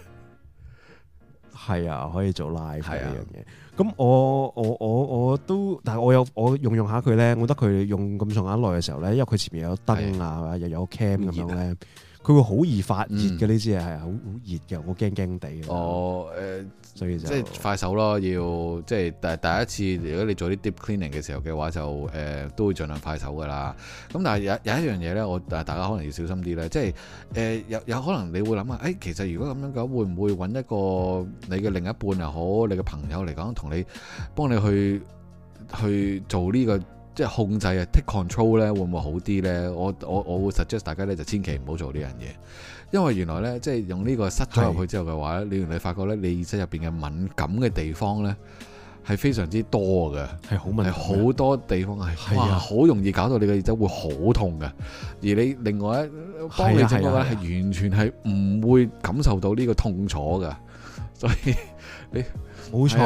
係啊，可以做 live 係啊樣嘢。咁我我我我都，但係我有我用用下佢咧，我覺得佢用咁上下耐嘅時候咧，因為佢前面有燈啊，又有 cam 咁樣咧，佢會好易發熱嘅，呢支嘢係啊，好好熱嘅，我驚驚地哦，誒。所以就即係快手咯，要即係第第一次，如果你做啲 deep cleaning 嘅時候嘅話，就誒、呃、都會盡量快手噶啦。咁但係有有一樣嘢咧，我誒大家可能要小心啲咧。即係誒、呃、有有可能你會諗下，誒、哎、其實如果咁樣講，會唔會揾一個你嘅另一半又好，你嘅朋友嚟講同你幫你去去做呢、這個即係控制啊，take control 咧，會唔會好啲咧？我我我會 suggest 大家咧就千祈唔好做呢樣嘢。因為原來咧，即係用呢個塞咗入去之後嘅話咧，是你原來發覺咧，你耳仔入邊嘅敏感嘅地方咧，係非常之多嘅，係好敏感，好多地方係，啊、哇，好容易搞到你嘅耳仔會好痛嘅。而你另外一幫你整嘅咧，係、啊啊、完全係唔會感受到呢個痛楚嘅。所以你冇錯，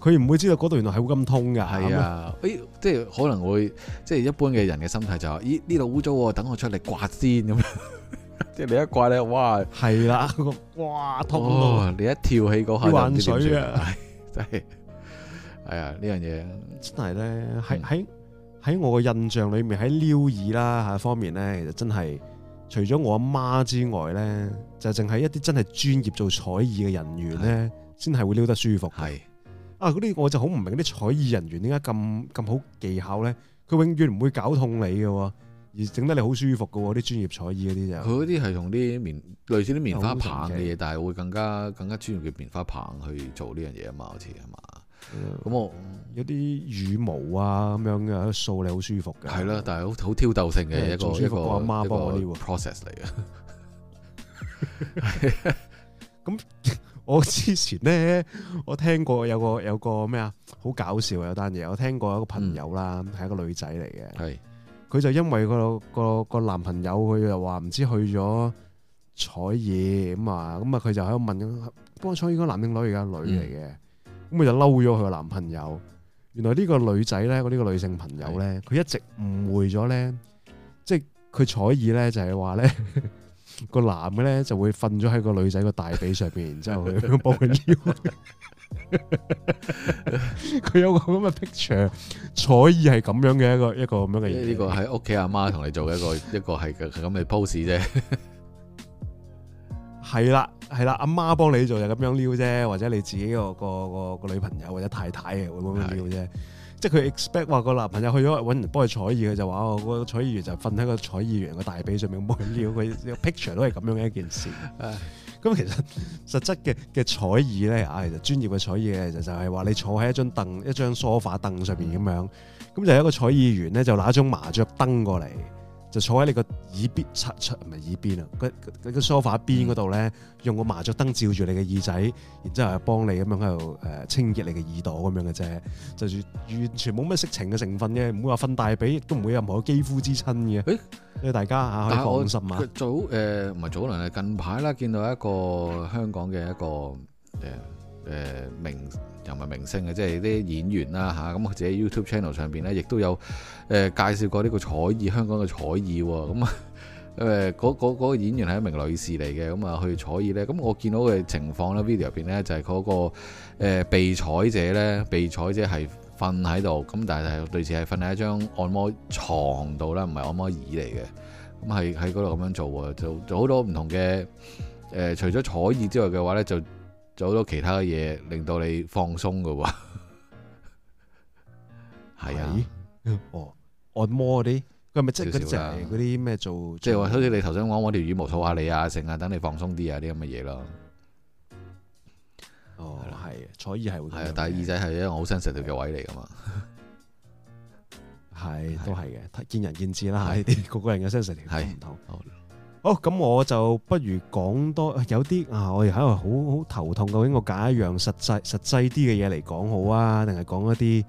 佢唔錯、啊、會知道嗰度原來係會咁痛嘅。係啊，誒樣、啊，即係可能會，即係一般嘅人嘅心態就話、是，咦呢度污糟，等我出嚟刮先咁樣。 <laughs> 即係你一怪咧，哇！係啦，哇痛！你一跳起嗰下，溫水啊，真係係啊！呢樣嘢真係咧，喺喺喺我嘅印象裏面，喺撩耳啦吓方面咧，其實真係除咗我阿媽之外咧，就淨係一啲真係專業做彩耳嘅人員咧，先係會撩得舒服嘅。啊，嗰啲我就好唔明，啲彩耳人員點解咁咁好技巧咧？佢永遠唔會搞痛你嘅。而整得你好舒服嘅喎，啲專業採耳嗰啲就佢嗰啲係同啲棉，類似啲棉花棒嘅嘢，但係會更加更加專業嘅棉花棒去做呢樣嘢啊嘛，好似係嘛。咁、嗯、 <noise> 我有啲羽毛啊咁樣嘅掃你好舒服嘅。係咯，但係好好挑逗性嘅一個一個媽媽幫我呢個 process 嚟嘅。咁 <laughs> <laughs> <laughs> 那 <laughs> <laughs> 我之前咧，我聽過有個有個咩啊，好搞笑有單嘢，我聽過一個朋友啦，係一個女仔嚟嘅，係。佢就因為個個個男朋友，佢就話唔知去咗採耳咁啊，咁啊佢就喺度問，幫我採耳個男定女？而家女嚟嘅，咁佢就嬲咗佢個男朋友。原來呢個女仔咧，我、這、呢個女性朋友咧，佢是一直誤會咗咧，嗯、即係佢採耳咧就係話咧，個 <laughs> 男嘅咧就會瞓咗喺個女仔個大腿上邊， <laughs> 然之後幫佢 <laughs> 佢 <laughs> 有個咁嘅 picture，採耳係咁樣嘅一個 picture，一個咁樣嘅呢個喺屋企阿媽同你做一個 <laughs> 一個係咁嘅 pose 啫。係啦係啦，阿媽幫你做就咁樣撩啫，或者你自己個個個個女朋友或者太太嘅會會撩啫。的即係佢 expect 話個男朋友去咗搵人幫佢採耳，佢就話我個採耳員就瞓喺個採耳員大 <laughs> 個大髀上面咁樣撩佢 picture 都係咁樣嘅一件事。 <laughs> 咁其實實質嘅嘅彩意呢，啊，其實專業嘅彩意呢，其就係、是、話你坐喺一張凳、一張 s o 凳上面咁樣，咁就有一個彩意員呢，就拿張麻雀凳過嚟。就坐喺你個耳邊擦出，唔係耳邊啊！佢佢個梳化邊嗰度咧，用個麻雀燈照住你嘅耳仔，然之後幫你咁樣喺度誒清潔你嘅耳朵咁樣嘅啫，就完全冇咩色情嘅成分嘅，唔會話瞓大髀，亦都唔會有任何嘅肌膚之親嘅。誒、欸、大家可以放心，但係我早誒唔係早輪咧，近排啦見到一個香港嘅一個誒、呃誒明又唔係明星嘅，即係啲演員啦嚇。咁、啊、佢自己 YouTube channel 上邊咧，亦都有誒、呃、介紹過呢個採耳香港嘅採耳喎。咁誒嗰嗰個演員係一名女士嚟嘅。咁啊，去採耳咧。咁我見到嘅情況咧，video 入邊咧就係、係、嗰、嗰個被採者咧，被採者係瞓喺度。咁但係類似係瞓喺一張按摩床度啦，唔係按摩椅嚟嘅。咁係喺嗰度咁樣做，就就好多唔同嘅誒、啊。除咗採耳之外嘅話咧，就做咗其他嘅嘢，令到你放鬆噶喎。係啊，哦，按摩嗰啲，佢咪即係嗰隻嗰啲咩做，即係話好似你頭先講，搵條羽毛掃下你啊，成啊，等你放鬆啲啊啲咁嘅嘢咯。哦，係，坐椅係會，係啊，但係耳仔係因為我好 sensitive 條位嚟噶嘛，係都係嘅，見仁見智啦吓，啲個個人嘅 sensitive 嚟，係。好咁，我就不如講多有啲啊！我而喺度好好頭痛，究竟我揀一樣實際實際啲嘅嘢嚟講好啊，定係講一啲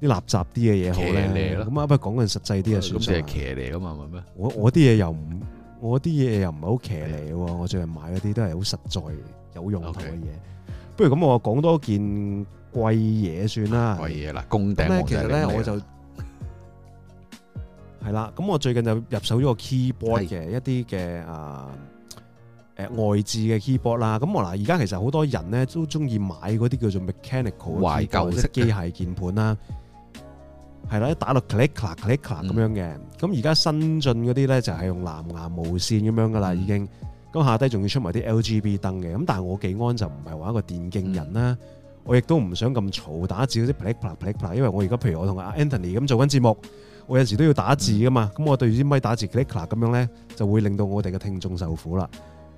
啲垃圾啲嘅嘢好咧？咁啊，不如講緊實際啲啊，算數。咁即係騎呢噶嘛？咩、嗯？我我啲嘢又唔，我啲嘢又唔係好騎呢？嗯、我最近買嗰啲都係好實在有用途嘅嘢。Okay. 不如咁，我講多件貴嘢算啦。貴嘢啦，公頂其實咧，嗯、我就。係啦，咁我最近就入手咗個 keyboard 嘅是一啲嘅啊，誒、呃呃，外置嘅 keyboard 啦。咁我嗱，而家其實好多人咧都中意買嗰啲叫做 mechanical，懷舊式機械鍵盤啦。係、mm. 啦，一打落 click click click click 咁樣嘅。咁而家新進嗰啲咧就係用藍牙無線咁樣噶啦，已經、mm.。咁下低仲要出埋啲 RGB 燈嘅。咁但係我幾安就唔係話一個電競人啦，mm. 我亦都唔想咁嘈打字嗰啲 click click click click，因為我而家譬如我同阿 Anthony 咁做緊節目。等 Pacific 我有時都要打字噶嘛，咁、嗯、我對住啲咪打字 click 啦咁樣咧，就會令到我哋嘅聽眾受苦啦。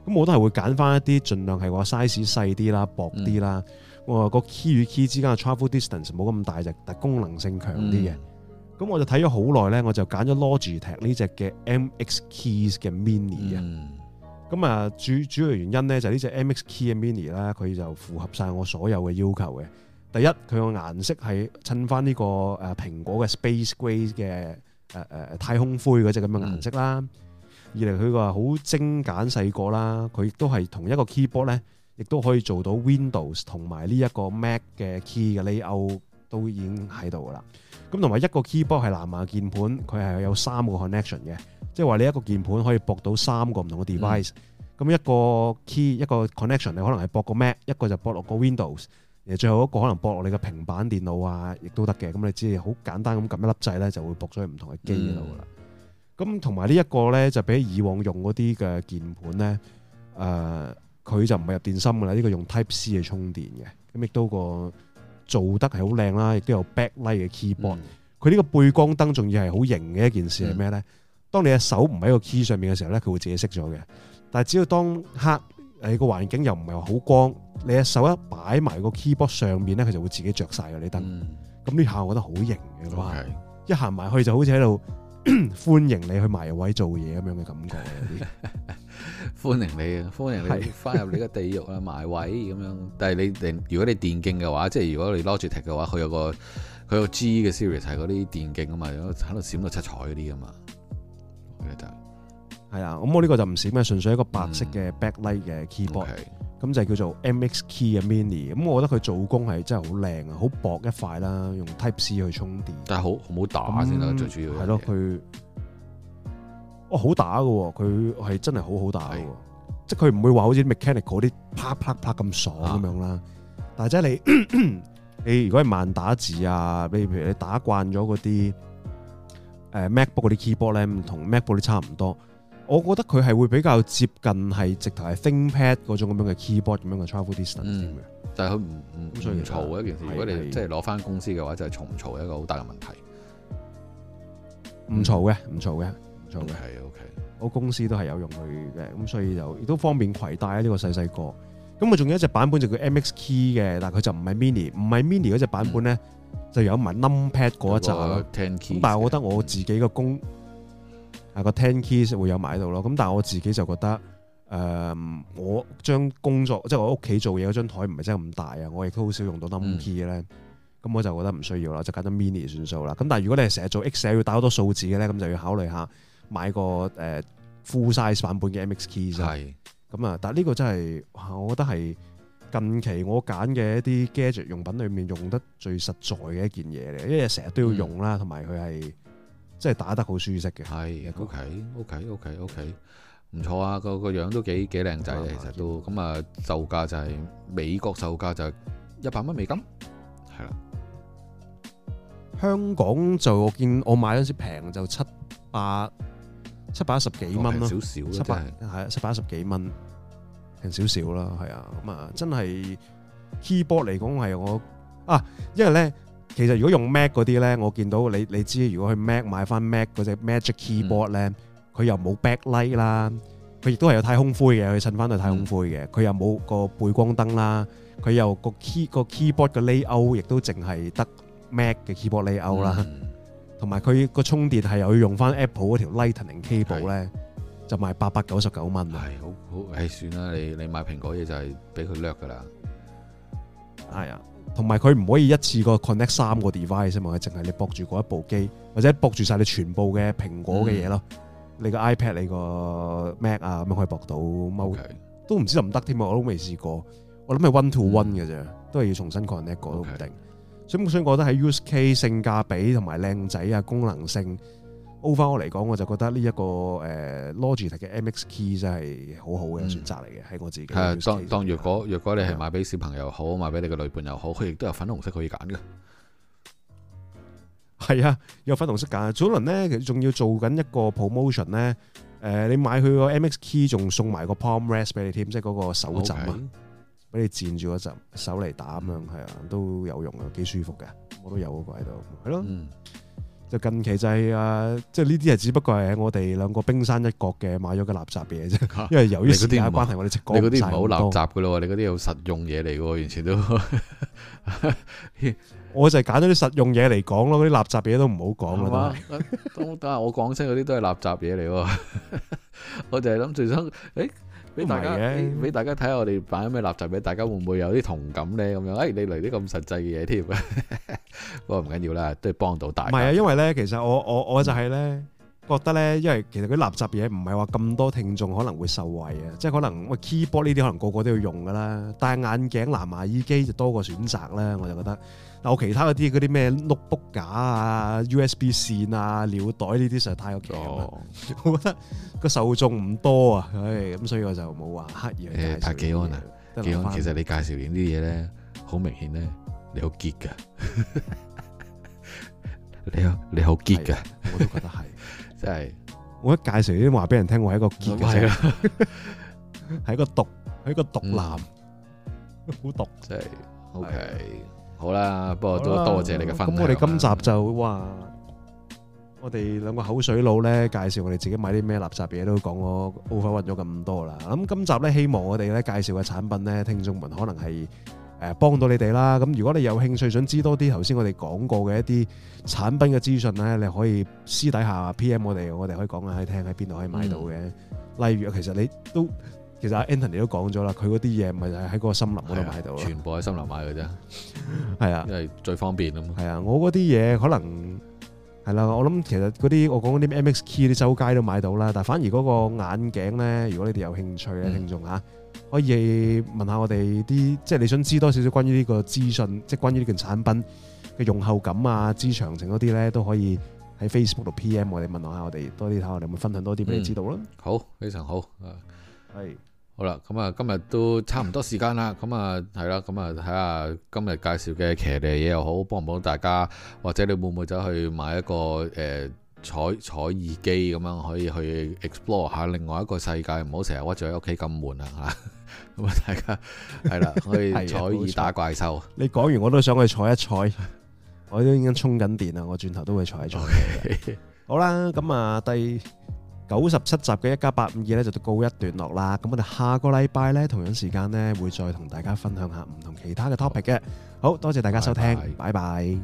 咁我都係會揀翻一啲，儘量係話 size 細啲啦、薄啲啦，我話、嗯、個 key 與 key 之間嘅 travel distance 冇咁大隻但功能性強啲嘅。咁、嗯、我就睇咗好耐咧，我就揀咗 Logitech 呢隻嘅 MX Keys 嘅 Mini 啊。咁啊、嗯，主主要原因咧就係、是、呢隻 MX Keys 嘅 Mini 啦，佢就符合晒我所有嘅要求嘅。第一，佢、這個顏色係襯翻呢個誒蘋果嘅 space grey 嘅、誒誒、呃呃、太空灰嗰隻咁嘅顏色啦。嗯、二嚟佢話好精簡細個啦，佢亦都係同一個 keyboard 咧，亦都可以做到 Windows 同埋呢一個 Mac 嘅 key 嘅 layout 都已經喺度噶啦。咁同埋一個 keyboard 係藍牙鍵盤，佢係有三個 connection 嘅，即係話你一個鍵盤可以駁到三個唔同嘅 device、嗯。咁一個 key 一個 connection，你可能係駁個 Mac，一個就駁落個 Windows。最後一個可能駁落你嘅平板電腦啊，亦都得嘅。咁你只要好簡單咁撳一粒掣咧，就會駁咗去唔同嘅機度啦。咁同埋呢一個咧，就比起以往用嗰啲嘅鍵盤咧，誒、呃、佢就唔係入電芯嘅啦，呢、這個用 Type C 去充電嘅。咁亦都個做得係好靚啦，亦都有 backlight 嘅 keyboard。佢呢、mm hmm. 個背光燈仲要係好型嘅一件事係咩咧？Mm hmm. 當你嘅手唔喺個 key 上面嘅時候咧，佢會自己熄咗嘅。但係只要當黑誒個環境又唔係話好光。你嘅手一擺埋個 keyboard 上面咧，佢就會自己着晒嘅啲燈。咁呢下我覺得好型嘅，哇！Okay. 一行埋去就好似喺度歡迎你去埋位做嘢咁樣嘅感覺 <laughs> 歡。歡迎你啊！歡迎是 <laughs> 你翻入呢個地獄啊！埋位咁樣。但係你如果你電競嘅話，即係如果你 Logitech 嘅話，佢有個佢個 G 嘅 series 係嗰啲電競啊嘛，喺度閃到七彩嗰啲啊嘛。係啊，咁我呢個就唔閃咩，純粹一個白色嘅 backlight 嘅 keyboard。Okay. 咁就係叫做 MX Key 嘅 Mini，咁我覺得佢做工係真係好靚啊，好薄一塊啦，用 Type C 去充電。但係好唔好打先啦？嗯、最主要係咯，佢哦好打嘅，佢係真係好好打嘅，是即係佢唔會話好似 Mechanical 嗰啲啪啪啪咁爽咁樣啦。啊、但係即係你咳咳你如果係慢打字啊，你譬如你打慣咗嗰啲誒 MacBook 嗰啲 keyboard 咧，唔同 MacBook 啲差唔多。我覺得佢係會比較接近係直頭係 ThinkPad 嗰種咁樣嘅 keyboard 咁樣嘅 travel distance 咁樣、嗯，但係佢唔唔最唔嘈一件事，如果你係即係攞翻公司嘅話，就係嘈唔嘈一個好大嘅問題。唔嘈嘅，唔嘈嘅，唔嘈嘅係 OK。我公司都係有用佢嘅，咁所以就亦都方便攜帶呢、呢個細細個。咁啊，仲有一隻版本就叫 MX Key 嘅，但佢就唔係 mini，唔係 mini 嗰隻版本咧，嗯、就有埋 number pad 嗰一隻、嗯、但係我覺得我自己嘅工。嗯啊個 ten key s keys 會有買到咯，咁但係我自己就覺得，誒、呃，我將工作即係、就是、我屋企做嘢嗰張台唔係真係咁大啊，我亦都好少用到 number key 嘅咧，咁、嗯、我就覺得唔需要啦，就揀咗 mini 算數啦。咁但係如果你係成日做 Excel 要打好多數字嘅咧，咁就要考慮下買個誒、呃、full size 版本嘅 MX keys 啦。係，咁啊，但係呢個真係，我覺得係近期我揀嘅一啲 gadget 用品裡面用得最實在嘅一件嘢嚟，因為成日都要用啦，同埋佢係。即係打得好舒適嘅。係，OK，OK，OK，OK，唔錯啊，個個樣都幾幾靚仔咧，嗯、其實都，咁啊，啊售價就係、是、美國售價就一百蚊美金，係啦的，香港就我見我買嗰陣時平就七百七百一十幾蚊咯，少少，七百係啊，七百一十幾蚊，平少少啦，係啊，咁啊、嗯，真係 keyboard 嚟講係我啊，因為咧。其實如果用 Mac 嗰啲咧，我見到你你知，如果去 Mac 買翻 Mac 嗰隻 Magic Keyboard 咧，佢、嗯、又冇 Backlight 啦，佢亦都係有太空灰嘅，佢襯翻對太空灰嘅，佢、嗯、又冇個背光燈啦，佢又個 key 個 keyboard 嘅 layout 亦都淨係得 Mac 嘅 keyboard layout 啦，同埋佢個充電係又要用翻 Apple 嗰條 Lightning cable 咧，是就賣八百九十九蚊。係好好，唉，算啦，你你買蘋果嘢就係俾佢掠㗎啦，係啊、哎。同埋佢唔可以一次過 connect 三個 device 啊嘛，淨係你駁住嗰一部機，或者駁住晒你全部嘅蘋果嘅嘢咯。嗯、你個 iPad、你個 Mac 啊，咁可以駁到踎。Okay. 都唔知得唔得添啊，我都未試過。我諗係 one to one 嘅啫，嗯、都係要重新 connect Okay .過都唔定。所以我想覺得喺 USK 性價比同埋靚仔啊，功能性。O 翻我嚟講，我就覺得呢一個誒 Logitech 嘅 MX Key 真係好好嘅選擇嚟嘅，喺、嗯、我自己當。係，當當若果若果你係買俾小朋友好，嗯、買俾你嘅女伴又好，佢亦都有粉紅色可以揀嘅。係啊，有粉紅色揀。早輪咧，其實仲要做緊一個 promotion 咧。誒、呃，你買佢個 MX Key 仲送埋個 Palm Rest 俾你添，即係嗰個手枕啊，俾 Okay. 你墊住嗰枕手嚟打咁樣，係、嗯、啊，都有用啊，幾舒服嘅。我都有個喺度，係咯。嗯 <noise> <noise> 就近期就係、是、啊，即係呢啲係只不過係我哋兩個冰山一角嘅買咗嘅垃圾嘢啫。因為由於時間關係我，我哋直係講你嗰啲唔係好垃圾嘅咯，你嗰啲係好實用嘢嚟喎，完全都。 <laughs> 我就係揀咗啲實用嘢嚟講咯，嗰啲垃圾嘢都唔好講啦。等下 <laughs> 我講清嗰啲都係垃圾嘢嚟喎。我就係諗住想。誒。俾大家，俾大家睇下我哋擺啲咩垃圾俾大家，會唔會有啲同感咧？咁樣，哎，你嚟啲咁實際嘅嘢添， <laughs> 不過唔緊要啦，都係幫到大家。唔係啊，因為咧，其實我我我就係、是、咧。嗯覺得咧，因為其實嗰啲垃圾嘢唔係話咁多聽眾可能會受惠啊，即係可能 keyboard 呢啲可能個個都要用噶啦，戴眼鏡藍牙耳機就多個選擇啦，我就覺得。但我其他嗰啲嗰啲咩 notebook 架啊、USB 線啊、尿袋呢啲實在太有錢，oh. 我覺得個受眾唔多啊，唉，咁所以我就冇話刻意去介紹。誒、欸，泰記安啊，安，其實你介紹啲嘢咧，好明顯咧， <laughs> 你好 geek 噶，你好，你好 geek 噶， <laughs> 我都覺得係。即係，我一介紹啲話俾人聽，我係一個杰嘅，係一個毒，係一個毒男，好毒。即係，OK，好啦，不過都多謝你嘅分享。咁我哋今集就話，我哋兩個口水佬咧介紹我哋自己買啲咩垃圾嘢都講咗，over 咗咁多啦。咁今集咧希望我哋咧介紹嘅產品咧，聽眾們可能係。誒幫到你哋啦，咁如果你有興趣想知多啲頭先我哋講過嘅一啲產品嘅資訊咧，你可以私底下 PM 我哋，我哋可以講下喺聽喺邊度可以買到嘅。例如其實你都其實阿 Anthony 都講咗啦，佢嗰啲嘢唔係就係喺嗰個森林嗰度買到咯。全部喺森林買嘅啫。係啊，因為最方便啊嘛。係啊，我嗰啲嘢可能係啦，我諗其實嗰啲我講嗰啲 MX Key 啲周街都買到啦，但係反而嗰個眼鏡咧，如果你哋有興趣嘅聽眾嚇，可以問下我哋啲，即係你想知多少少關於呢個資訊，即係關於呢件產品嘅用後感啊、知詳情嗰啲咧，都可以喺 Facebook 度 PM 我哋問下我，我哋多啲睇，我哋會分享多啲俾你知道啦、嗯。好，非常好。係是，好啦，咁啊，今日都差唔多時間啦。咁、嗯、啊，係啦，咁啊，睇下今日介紹嘅騎呢嘢又好，幫唔幫到大家？或者你會唔會走去買一個誒採採耳機咁樣，可以去 explore 下另外一個世界，唔好成日屈住喺屋企咁悶啊！嚇～咁啊，大家係啦，可以坐二打怪獸啊！你講完我都想去坐一坐，我都已經充緊電啦，我轉頭都會坐一坐。好啦，咁啊，第九十七集嘅一家八五二咧就到告一段落啦。咁我哋下個禮拜咧同樣時間咧會再同大家分享下唔同其他嘅 topic 嘅。好多謝大家收聽，拜拜。